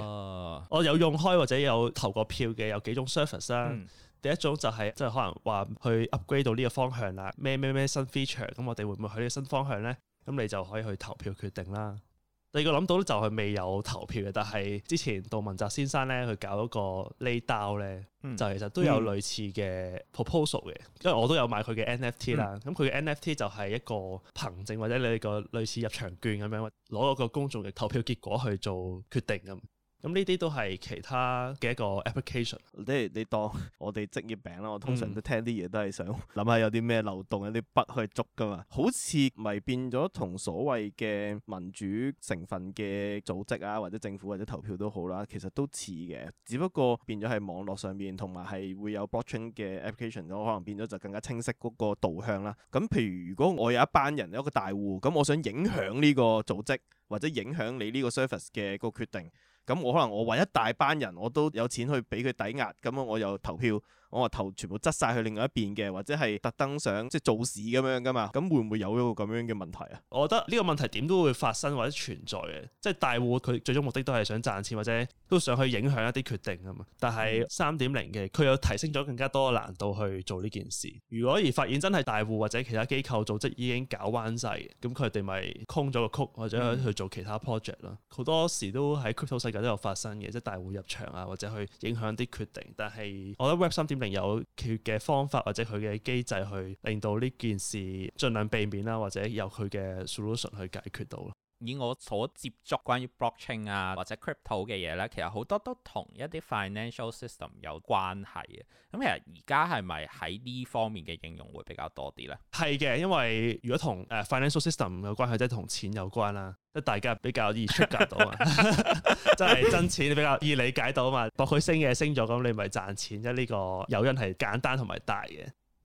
啊！我、哦、有用開或者有投過票嘅有幾種 service 啦、啊。嗯、第一種就係即係可能話去 upgrade 到呢個方向啦，咩咩咩新 feature。咁我哋會唔會去呢個新方向呢？咁你就可以去投票決定啦。第二個諗到就係未有投票嘅，但係之前杜汶澤先生呢，佢搞一個 lay down 呢，嗯、就其實都有類似嘅 proposal 嘅。嗯、因為我都有買佢嘅 NFT 啦，咁佢嘅 NFT 就係一個憑證或者你個類似入場券咁樣，攞一個公眾嘅投票結果去做決定咁。咁呢啲都係其他嘅一個 application，即係你，你當我哋職業病啦。我通常聽都聽啲嘢都係想諗下有啲咩漏洞，有啲不去捉㗎嘛。好似咪變咗同所謂嘅民主成分嘅組織啊，或者政府或者投票都好啦，其實都似嘅，只不過變咗喺網絡上面，同埋係會有 blockchain 嘅 application，咁可能變咗就更加清晰嗰個導向啦。咁譬如如果我有一班人有一個大戶，咁我想影響呢個組織或者影響你呢個 service 嘅個決定。咁我可能我為一大班人，我都有錢去俾佢抵押，咁樣我又投票。我頭全部執晒去另外一邊嘅，或者係特登想即係做事咁樣噶嘛，咁會唔會有咗個咁樣嘅問題啊？我覺得呢個問題點都會發生或者存在嘅，即係大戶佢最終目的都係想賺錢或者都想去影響一啲決定啊嘛。但係三點零嘅佢又提升咗更加多嘅難度去做呢件事。如果而發現真係大戶或者其他機構組織已經搞彎曬，咁佢哋咪空咗個曲或者去做其他 project 咯。好多時都喺 crypto 世界都有發生嘅，即係大戶入場啊或者去影響啲決定。但係我覺得 Web 三點。有佢嘅方法或者佢嘅機制去令到呢件事盡量避免啦，或者由佢嘅 solution 去解決到咯。以我所接觸關於 blockchain 啊或者 crypto 嘅嘢咧，其實好多都同一啲 financial system 有關係嘅。咁、嗯、其實而家係咪喺呢方面嘅應用會比較多啲咧？係嘅，因為如果同誒 financial system 有關係，即係同錢有關啦，即係大家比較易出格到啊，即係 真錢比較易理解到啊嘛。博佢 升嘅升咗，咁你咪賺錢，即係呢個誘因係簡單同埋大嘅。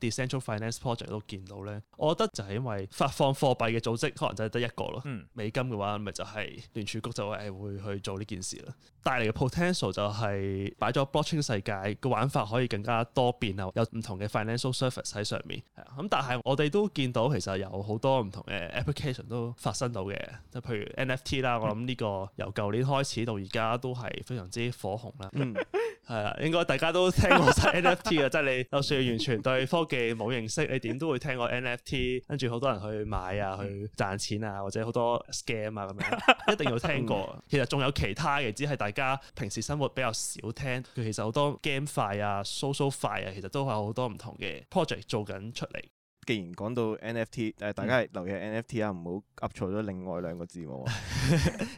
Decentral Finance Project 都見到咧，我覺得就係因為發放貨幣嘅組織可能就係得一個咯。嗯、美金嘅話，咪就係聯儲局就係會去做呢件事啦。帶嚟嘅 potential 就係擺咗 blocking 世界個玩法可以更加多變啊，有唔同嘅 financial service 喺上面。咁但係我哋都見到其實有好多唔同嘅 application 都發生到嘅，即譬如 NFT 啦。我諗呢個由舊年開始到而家都係非常之火紅啦。嗯 係啦，應該大家都聽過 NFT 啊，即係 你就算 完全對科技冇認識，你點都會聽過 NFT，跟住好多人去買啊，去賺錢啊，或者好多 scam 啊咁樣，一定要聽過。 嗯、其實仲有其他嘅，只係大家平時生活比較少聽。其實好多 game 化啊、social 化啊，其實都係好多唔同嘅 project 做緊出嚟。既然講到 NFT，誒、嗯呃、大家係留意 NFT 啊，唔好 up 錯咗另外兩個字母啊。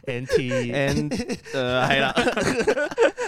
NTN，誒係啦，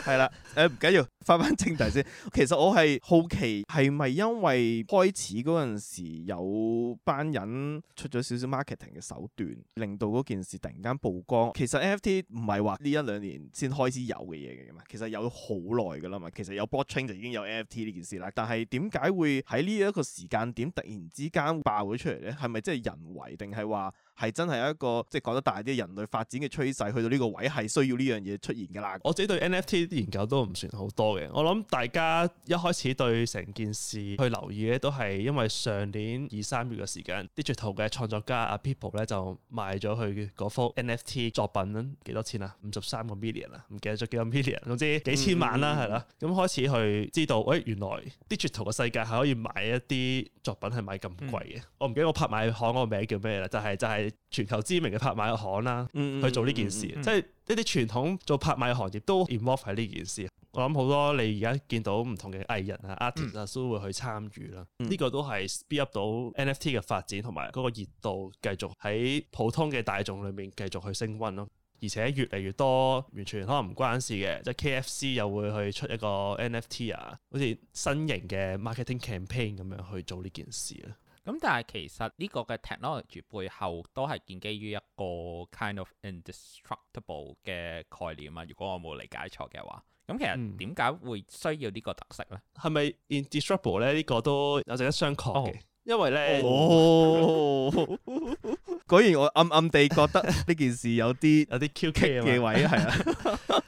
係啦，誒唔緊要，翻返正題先。其實我係好奇係咪因為開始嗰陣時有班人出咗少少 marketing 嘅手段，令到嗰件事突然間曝光。其實 NFT 唔係話呢一兩年先開始有嘅嘢嘅嘛，其實有好耐㗎啦嘛。其實有，有 blockchain 就已經有 NFT 呢件事啦，但係點解會喺呢一個時間點突然之間爆咗出嚟咧，係咪即係人為定係話？係真係一個即係講得大啲人類發展嘅趨勢，去到呢個位係需要呢樣嘢出現㗎啦。我自己對 NFT 嘅研究都唔算好多嘅。我諗大家一開始對成件事去留意咧，都係因為上年二三月嘅時間，digital 嘅創作家阿 People 咧就賣咗佢嗰幅 NFT 作品幾多錢啊？五十三個 million 啦、啊，唔記得咗幾多 million，總之幾千萬啦、啊，係啦、嗯。咁開始去知道，喂、哎，原來 digital 嘅世界係可以買一啲作品係買咁貴嘅。嗯、我唔記得我拍賣行個名叫咩啦，就係、是、就係、是。全球知名嘅拍賣行啦，去做呢件事，嗯嗯嗯嗯嗯、即係一啲傳統做拍賣行業都 involve 喺呢件事。我諗好多你而家見到唔同嘅藝人啊、artist 啊、嗯，都會去參與啦。呢、嗯、個都係 speed up 到 NFT 嘅發展同埋嗰個熱度繼續喺普通嘅大眾裏面繼續去升溫咯。而且越嚟越多，完全可能唔關事嘅，即、就、係、是、KFC 又會去出一個 NFT 啊，好似新型嘅 marketing campaign 咁樣去做呢件事咁但係其實呢個嘅 technology 背後都係建基於一個 kind of indestructible 嘅概念啊，如果我冇理解錯嘅話，咁其實點解會需要呢個特色咧？係咪 indestructible 咧？是是 ind 呢、這個都有值得商榷嘅，哦、因為咧，oh、果然我暗暗地覺得呢件事有啲 有啲 QK 嘅位係啊，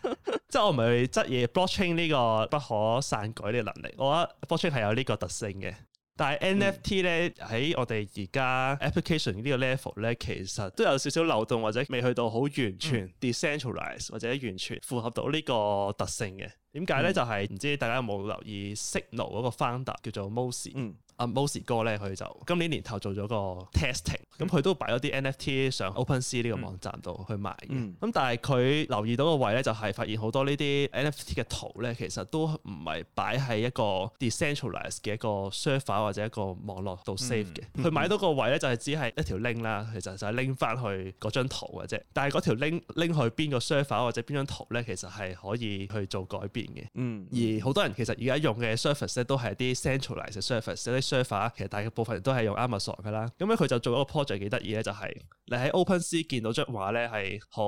即係我唔係質疑，blockchain 呢個不可篡改呢個能力，我覺得 blockchain 係有呢個特性嘅。但係 NFT 咧，喺我哋而家 application 呢個 level 咧，其實都有少少漏洞，或者未去到好完全 decentralized、嗯、或者完全符合到呢個特性嘅。點解咧？呢嗯、就係唔知大家有冇留意 Signal 嗰個 founder 叫做 Mosi，阿 Mosi 哥咧，佢就今年年頭做咗個 testing，咁佢、嗯、都擺咗啲 NFT 上 OpenSea 呢個網站度去賣嘅。咁、嗯、但係佢留意到個位咧，就係發現好多呢啲 NFT 嘅圖咧，其實都唔係擺喺一個 decentralized 嘅一個 server 或者一個網絡度 save 嘅。佢、嗯嗯、買到個位咧，就係只係一條 link 啦，其實就係 link 翻去嗰張圖嘅啫。但係嗰條 link link 去邊個 server 或者邊張圖咧，其實係可以去做改變。嗯，而好多人其實而家用嘅 service 咧，都係啲 centralized service，有啲 server 其實大部分人都係用 Amazon 噶啦。咁咧佢就做一個 project 幾得意咧，就係、是、你喺 OpenSea 見到張畫咧係好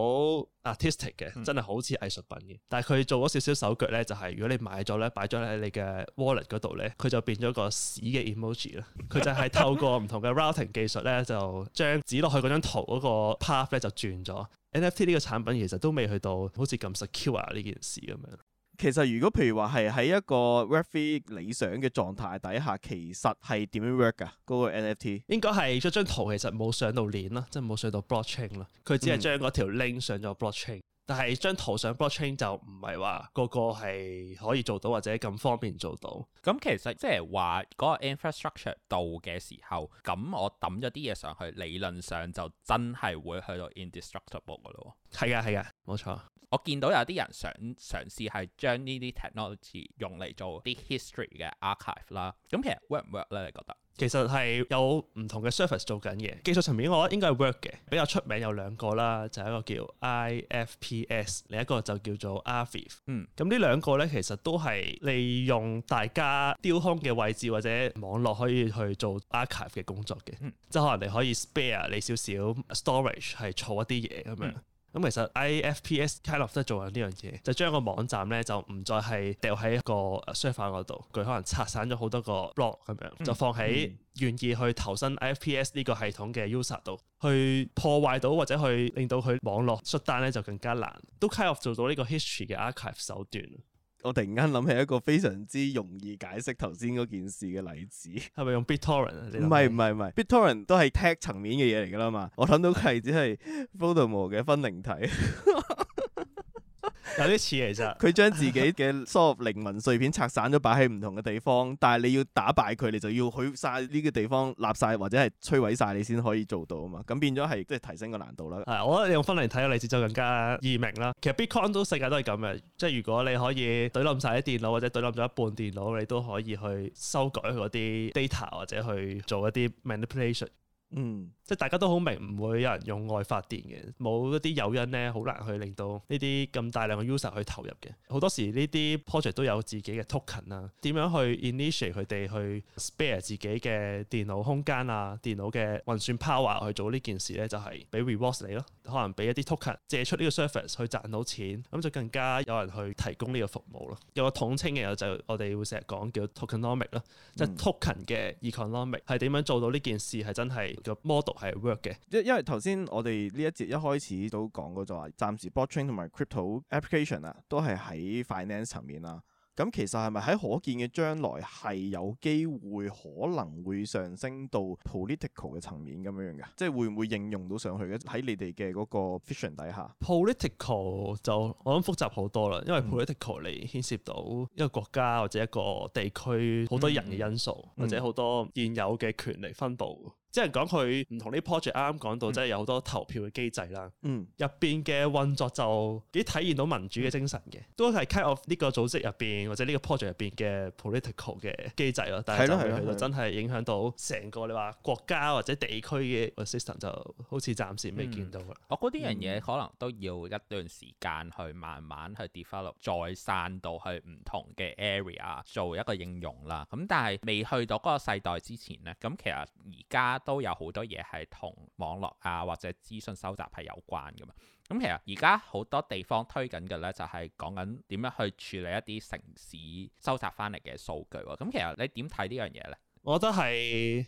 artistic 嘅，真係好似藝術品嘅。嗯、但係佢做咗少少手腳咧，就係、是、如果你買咗咧，擺咗喺你嘅 wallet 嗰度咧，佢就變咗個屎嘅 emoji 啦。佢 就係透過唔同嘅 routing 技術咧，就將指落去嗰張圖嗰個 path 咧就轉咗。 NFT 呢個產品其實都未去到好似咁 secure 呢件事咁樣。其實如果譬如話係喺一個 very 理想嘅狀態底下，其實係點樣 work 噶？嗰、那個 NFT 應該係將張圖其實冇上到鏈啦，即係冇上到 blockchain 啦。佢只係將嗰條 link 上咗 blockchain，但係張圖上 blockchain 就唔係話個個係可以做到或者咁方便做到。咁、嗯、其實即係話嗰個 infrastructure 到嘅時候，咁我抌咗啲嘢上去，理論上就真係會去到 indestructible 噶咯。係啊，係啊，冇錯。我見到有啲人想嘗試係將呢啲 technology 用嚟做啲 history 嘅 archive 啦，咁其實 work 唔 work 咧？你覺得？其實係有唔同嘅 service 做緊嘢。技術層面我覺得應該係 work 嘅。比較出名有兩個啦，就係、是、一個叫 IFPS，另一個就叫做 Archive 嗯。咁呢兩個咧，其實都係利用大家丟空嘅位置或者網絡可以去做 archive 嘅工作嘅。嗯。即係可能你可以 spare 你少少 storage 係儲一啲嘢咁樣。嗯。咁其實 IFPS 開 kind 立 of 都做緊呢樣嘢，就將、是、個網站咧就唔再係掉喺個 server 嗰度，佢可能拆散咗好多個 blog 咁樣，嗯、就放喺願意去投身 IFPS 呢個系統嘅 user 度，去破壞到或者去令到佢網絡出單咧就更加難，都開 kind 立 of 做到呢個 history 嘅 archive 手段。我突然間諗起一個非常之容易解釋頭先嗰件事嘅例子，係咪用 BitTorrent 啊？ 唔係唔係唔係，BitTorrent 都係 Tech 層面嘅嘢嚟噶喇嘛。我諗到嘅例子係 PhotoMo 嘅分靈體。 有啲似其實，佢將自己嘅 solve 靈魂碎片拆散咗擺喺唔同嘅地方，但係你要打敗佢，你就要去晒呢個地方，立晒，或者係摧毀晒，你先可以做到啊嘛。咁變咗係即係提升個難度啦。係，我覺得你用分嚟睇下，你節奏更加易明啦。其實 Bitcoin 都世界都係咁嘅，即係如果你可以堆冧晒啲電腦或者堆冧咗一半電腦，你都可以去修改嗰啲 data 或者去做一啲 manipulation。嗯，即係大家都好明，唔會有人用外發電嘅，冇一啲誘因咧，好難去令到呢啲咁大量嘅 user 去投入嘅。好多時呢啲 project 都有自己嘅 token 啊，點樣去 initiate 佢哋去 spare 自己嘅電腦空間啊，電腦嘅運算 power 去做呢件事咧，就係俾 rewards 你咯。可能俾一啲 token 借出呢個 service 去賺到錢，咁就更加有人去提供呢個服務咯。有個統稱嘅就我哋會成日講叫 tokenomics 咯，即係 token 嘅 economic 係點樣做到呢件事係真係、個 model 係 work 嘅。因因為頭先我哋呢一節一開始都講過就話，暫時 botching 同埋 crypto application 啊，都係喺 finance 層面啊。咁其實係咪喺可見嘅將來係有機會可能會上升到 political 嘅層面咁樣樣嘅，即係會唔會應用到上去嘅？喺你哋嘅嗰個 fiction 底下，political 就我諗複雜好多啦，因為 political 嚟牽涉到一個國家或者一個地區好多人嘅因素，嗯、或者好多現有嘅權力分佈。即係講佢唔同啲 project，啱啱講到即係有好多投票嘅機制啦，嗯，入邊嘅運作就幾體現到民主嘅精神嘅，都係 kind of 呢個組織入邊或者呢個 project 入邊嘅 political 嘅機制咯。係啦係啦，但係就唔係話真係影響到成個、嗯、個你話國家或者地區嘅 system，就好似暫時未見到、嗯。我覺得呢樣嘢可能都要一段時間去慢慢去 develop、嗯、再散到去唔同嘅 area 做一個應用啦。咁但係未去到嗰個世代之前咧，咁其實而家。都有好多嘢係同網絡啊或者資訊收集係有關噶嘛，咁、嗯、其實而家好多地方推緊嘅咧就係講緊點樣去處理一啲城市收集翻嚟嘅數據。咁、嗯、其實你點睇呢樣嘢咧？我覺得係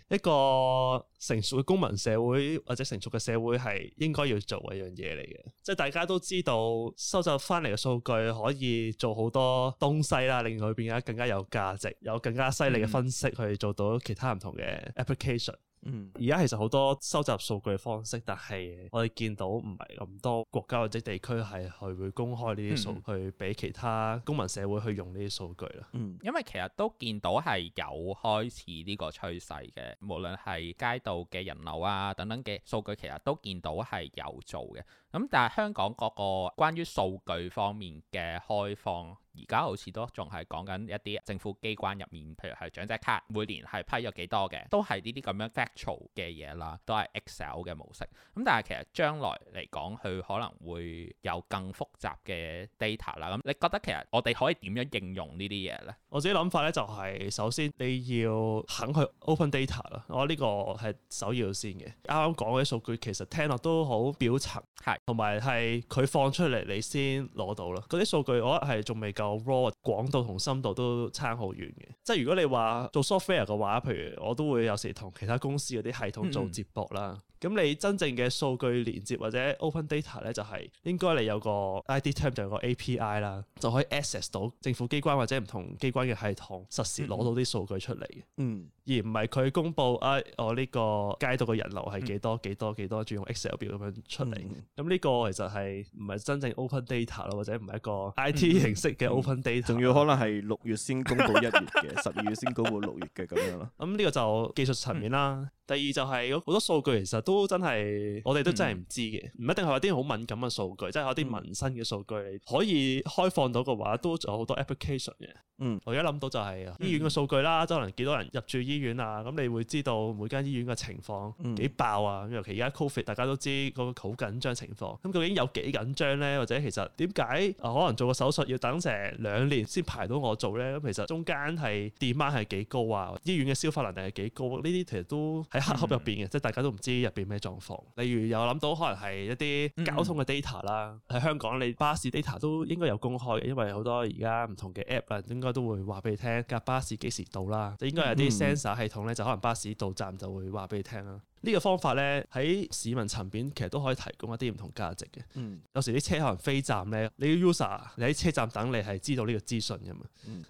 一個成熟嘅公民社會或者成熟嘅社會，係應該要做嘅一樣嘢嚟嘅，即係大家都知道收集翻嚟嘅數據可以做好多東西啦，令佢變得更加有價值，有更加犀利嘅分析去做到其他唔同嘅 application。嗯嗯，而家其實好多收集數據方式，但係我哋見到唔係咁多國家或者地區係去會公開呢啲數據、嗯、去俾其他公民社會去用呢啲數據啦。嗯，因為其實都見到係有開始呢個趨勢嘅，無論係街道嘅人流啊等等嘅數據，其實都見到係有做嘅。咁但係香港嗰個關於數據方面嘅開放。而家好似都仲係講緊一啲政府機關入面，譬如係長者卡，每年係批咗幾多嘅，都係呢啲咁樣 factual 嘅嘢啦，都係 Excel 嘅模式。咁但係其實將來嚟講，佢可能會有更複雜嘅 data 啦。咁你覺得其實我哋可以點樣應用呢啲嘢咧？我自己諗法咧就係首先你要肯去 open data 啦，我呢個係首要先嘅。啱啱講嗰啲數據其實聽落都好表層，係同埋係佢放出嚟你先攞到咯。嗰啲數據我覺得係仲未夠。廣度同深度都差好遠嘅，即係如果你話做 software 嘅話，譬如我都會有時同其他公司嗰啲系統做接駁啦、嗯嗯。咁你真正嘅數據連接或者 open data 咧，就係、是、應該你有個 ID term 就有個 API 啦，就可以 access 到政府機關或者唔同機關嘅系統，實時攞到啲數據出嚟嘅。嗯。而唔係佢公佈啊，我呢個街道嘅人流係幾多幾、嗯、多幾多，仲要用 Excel 表咁樣出嚟。咁呢、嗯、個其實係唔係真正 open data 咯，或者唔係一個 IT 形式嘅 open data？仲、嗯嗯、要可能係六月先公佈一月嘅，十二 月先公佈六月嘅咁樣咯。咁呢個就技術層面啦。嗯、第二就係好多數據其實。都真係，我哋都真係唔知嘅，唔、嗯、一定係話啲好敏感嘅數據，即係有啲民生嘅數據可以開放到嘅話，都有好多 application 嘅。嗯，我而家諗到就係醫院嘅數據啦，即、嗯、可能幾多人入住醫院啊？咁你會知道每間醫院嘅情況幾爆啊！嗯、尤其而家 Covid 大家都知個好緊張情況，咁究竟有幾緊張咧？或者其實點解啊可能做個手術要等成兩年先排到我做咧？咁、嗯、其實中間係 demand 係幾高啊？醫院嘅消化能力係幾高、啊？呢啲其實都喺黑盒入邊嘅，嗯、即係大家都唔知入邊咩狀況，例如又諗到可能係一啲交通嘅 data 啦，喺、嗯、香港你巴士 data 都應該有公開嘅，因為有好多而家唔同嘅 app 啦，應該。都會話俾你聽架巴士幾時到啦，就、嗯、應該有啲 sensor 系統咧，就可能巴士到站就會話俾你聽啦。呢個方法咧，喺市民層面其實都可以提供一啲唔同價值嘅。嗯、有時啲車可能飛站咧，你要 user 你喺車站等，你係知道呢個資訊㗎嘛。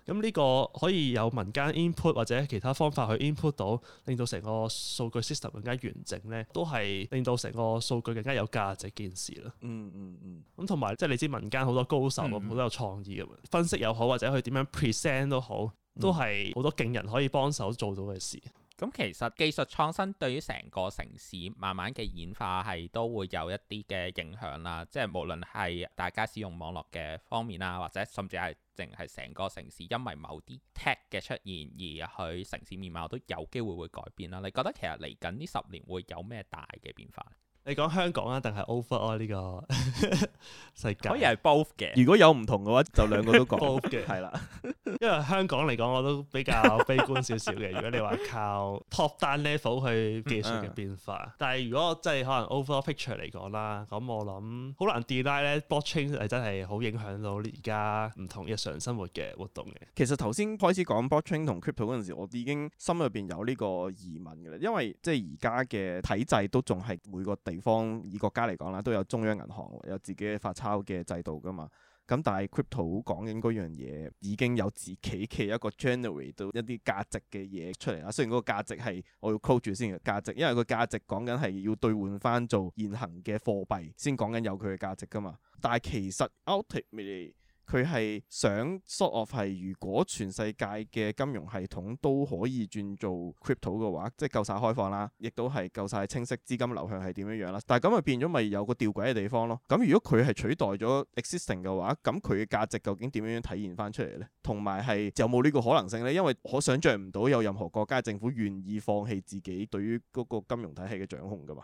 咁呢、嗯、個可以有民間 input 或者其他方法去 input 到，令到成個數據 system 更加完整咧，都係令到成個數據更加有價值件事囉、嗯。嗯嗯嗯。咁同埋即係你知民間好多高手，好、嗯、多有創意嘅嘛，分析又好或者佢點樣 present 都好，都係好多勁人可以幫手做到嘅事。咁其實技術創新對於成個城市慢慢嘅演化係都會有一啲嘅影響啦，即係無論係大家使用網絡嘅方面啊，或者甚至係淨係成個城市因為某啲 Tech 嘅出現而去城市面貌都有機會會改變啦。你覺得其實嚟緊呢十年會有咩大嘅變化？你講香港啊，定係 overall 呢個 世界？可以係 both 嘅。如果有唔同嘅話，就兩個都講嘅。係啦，因為香港嚟講，我都比較悲觀少少嘅。 如果你話靠 top down level 去技術嘅變化，嗯嗯、但係如果即係可能 overall picture 嚟講啦，咁我諗好難 deny 咧。Blockchain 係真係好影響到而家唔同日常生活嘅活動嘅。其實頭先開始講 Blockchain 同 crypto 嗰陣時，我已經心入邊有呢個疑問嘅啦，因為即係而家嘅體制都仲係每個地方以國家嚟講啦，都有中央銀行，有自己嘅發鈔嘅制度噶嘛。咁但係 crypto 講緊嗰樣嘢已經有自己嘅一個 generate 到一啲價值嘅嘢出嚟啦。雖然嗰個價值係我要 hold 住先嘅價值，因為個價值講緊係要兌換翻做現行嘅貨幣先講緊有佢嘅價值噶嘛。但係其實 ultimately 佢係想 sort of 係，如果全世界嘅金融系統都可以轉做 crypto 嘅話，即係夠晒開放啦，亦都係夠晒清晰資金流向係點樣樣啦。但係咁咪變咗咪有個吊詭嘅地方咯。咁如果佢係取代咗 existing 嘅話，咁佢嘅價值究竟點樣樣體現翻出嚟咧？同埋係有冇呢個可能性咧？因為我想象唔到有任何國家政府願意放棄自己對於嗰個金融體系嘅掌控噶嘛。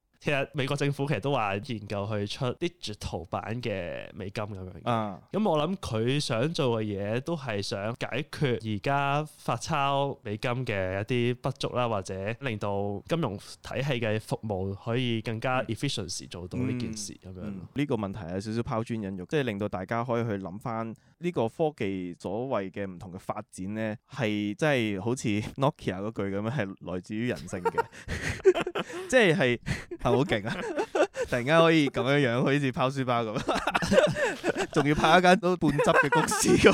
其實美國政府其實都話研究去出啲 digital 版嘅美金咁樣嘅，咁、啊、我諗佢想做嘅嘢都係想解決而家發鈔美金嘅一啲不足啦，或者令到金融體系嘅服務可以更加 efficiency、嗯、做到呢件事咁樣呢、嗯嗯這個問題有少少拋磚引玉，即係令到大家可以去諗翻。呢個科技所謂嘅唔同嘅發展咧，係真係好似 Nokia、ok、嗰句咁 樣，係來自於人性嘅，即係係好勁啊！突然間可以咁樣樣，好似拋書包咁，仲要拍一間都半執嘅公司。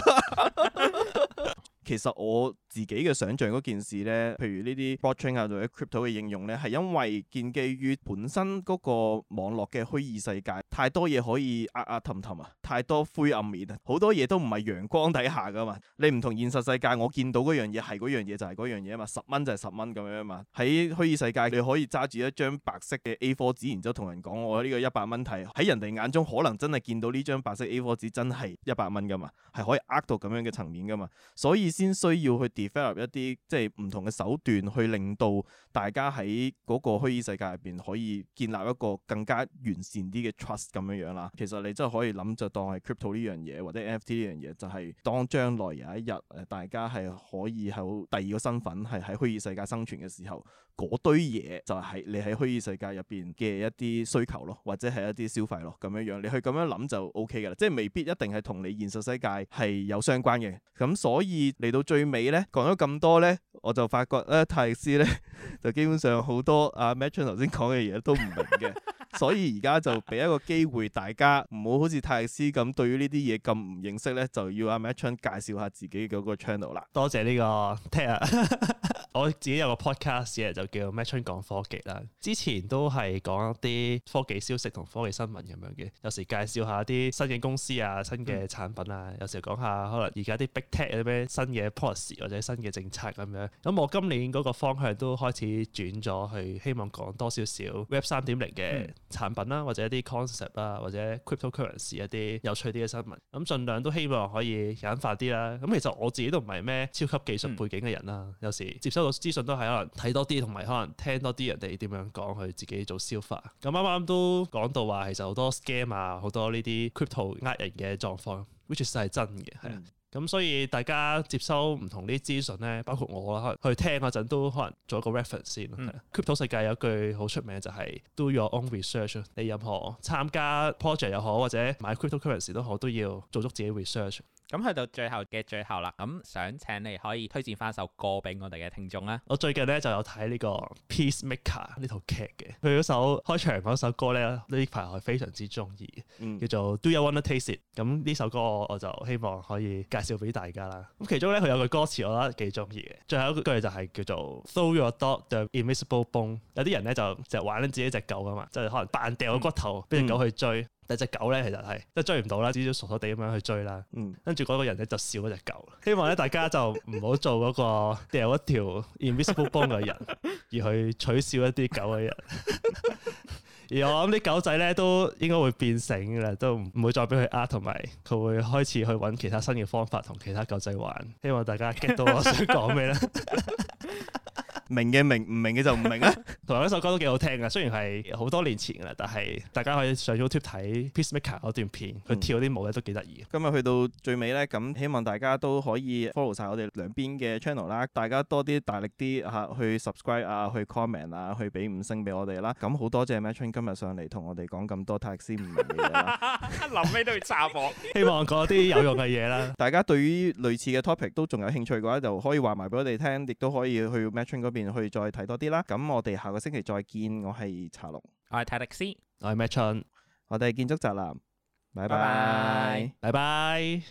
其實我。自己嘅想象嗰件事呢，譬如呢啲 blockchain 啊，或者 crypto 嘅應用呢，係因為建基於本身嗰個網絡嘅虛擬世界，太多嘢可以呃呃氹氹啊，太多灰暗面啊，好多嘢都唔係陽光底下噶嘛。你唔同現實世界，我見到嗰樣嘢係嗰樣嘢，就係嗰樣嘢啊嘛。十蚊就係十蚊咁樣啊嘛。喺虛擬世界，你可以揸住一張白色嘅 A4 紙，然之後同人講：「我呢個一百蚊睇。」喺人哋眼中可能真係見到呢張白色 A4 紙，真係一百蚊噶嘛，係可以呃到咁樣嘅層面噶嘛。所以先需要去點。develop 一啲即係唔同嘅手段，去令到大家喺嗰個虛擬世界入邊可以建立一個更加完善啲嘅 trust 咁樣樣啦。其實你真係可以諗，就當係 crypto 呢樣嘢，或者 NFT 呢樣嘢，就係、是、當將來有一日誒，大家係可以喺第二個身份係喺虛擬世界生存嘅時候。嗰堆嘢就係你喺虛擬世界入邊嘅一啲需求咯，或者係一啲消費咯，咁樣樣你去咁樣諗就 O K 噶啦，即係未必一定係同你現實世界係有相關嘅。咁所以嚟到最尾呢，講咗咁多呢，我就發覺咧泰、呃、斯呢就基本上好多阿 madchun 頭先講嘅嘢都唔明嘅， 所以而家就俾一個機會大家唔好好似泰迪斯咁對於呢啲嘢咁唔認識呢，就要阿、啊、madchun 介紹下自己嗰個 channel 啦。多謝呢、呢個 t a 我自己有個 podcast 嘅，就叫 madchun 講科技啦。之前都係講一啲科技消息同科技新聞咁樣嘅，有時介紹一下啲新嘅公司啊、新嘅產品啊，嗯、有時講下可能而家啲 big tech 啲咩新嘅 policy 或者新嘅政策咁樣。咁我今年嗰個方向都開始轉咗去，希望講多少少 Web 三點零嘅產品啦，嗯、或者啲 concept 啦，或者 cryptocurrency 一啲有趣啲嘅新聞。咁儘量都希望可以簡化啲啦。咁其實我自己都唔係咩超級技術背景嘅人啦，嗯、有時接收個資訊都係可能睇多啲，同埋可能聽多啲人哋點樣講，佢自己做消化。咁啱啱都講到話，其實好多 scam 啊，好多呢啲 crypto 呃人嘅狀況，which is 係真嘅，係啊。咁、嗯、所以大家接收唔同啲資訊咧，包括我啦，可能去聽嗰陣都可能做一個 reference 先。嗯、crypto 世界有一句好出名就係、是、do your own research。你任何參加 project 又好，或者買 cryptocurrency 都好，都要做足自己 research。咁去到最後嘅最後啦，咁想請你可以推薦返首歌俾我哋嘅聽眾啦。我最近咧就有睇呢個 Peace Maker《Peacemaker》呢套劇嘅，佢嗰首開場嗰首歌咧，呢排我係非常之中意嘅，嗯、叫做 Do You Wanna Taste It？咁呢首歌我就希望可以介紹俾大家啦。咁其中咧佢有句歌詞我覺得幾中意嘅，最後一句就係叫做 Throw your dog the invisible bone。有啲人咧就就玩緊自己隻狗噶嘛，就是、可能扮掉個骨頭俾隻、嗯、狗去追。嗯第一隻狗咧，其實係即係追唔到啦，至少傻傻地咁樣去追啦。嗯。跟住嗰個人咧就笑嗰隻狗，希望咧大家就唔好做嗰個掉一條 invisible bone 嘅人， 而去取笑一啲狗嘅人。 而我諗啲狗仔咧都應該會變醒嘅啦，都唔會再俾佢呃，同埋佢會開始去揾其他新嘅方法同其他狗仔玩。希望大家 get 到我想講咩咧？ 明嘅明，唔明嘅就唔明啦。同埋呢首歌都幾好聽噶，雖然係好多年前噶啦，但係大家可以上 YouTube 睇 Peace Maker 嗰段片，佢跳啲舞咧都幾得意。今日去到最尾咧，咁希望大家都可以 follow 晒我哋兩邊嘅 channel 啦，大家多啲大力啲吓去 subscribe 啊，去 comment 啊，去俾五星俾我哋啦。咁好多謝 madchun 今日上嚟同我哋講咁多 t 泰迪斯唔明嘅嘢啦，臨尾 都要炸博。 希望嗰啲有，有用嘅嘢啦。 大家對於類似嘅 topic 都仲有興趣嘅話，就可以話埋俾我哋聽，亦都可以去 madchun 嗰邊。去再睇多啲啦，咁我哋下個星期再見。我係茶龍，我係泰迪斯，我係 madchun，我哋係建築宅男，拜拜，拜拜。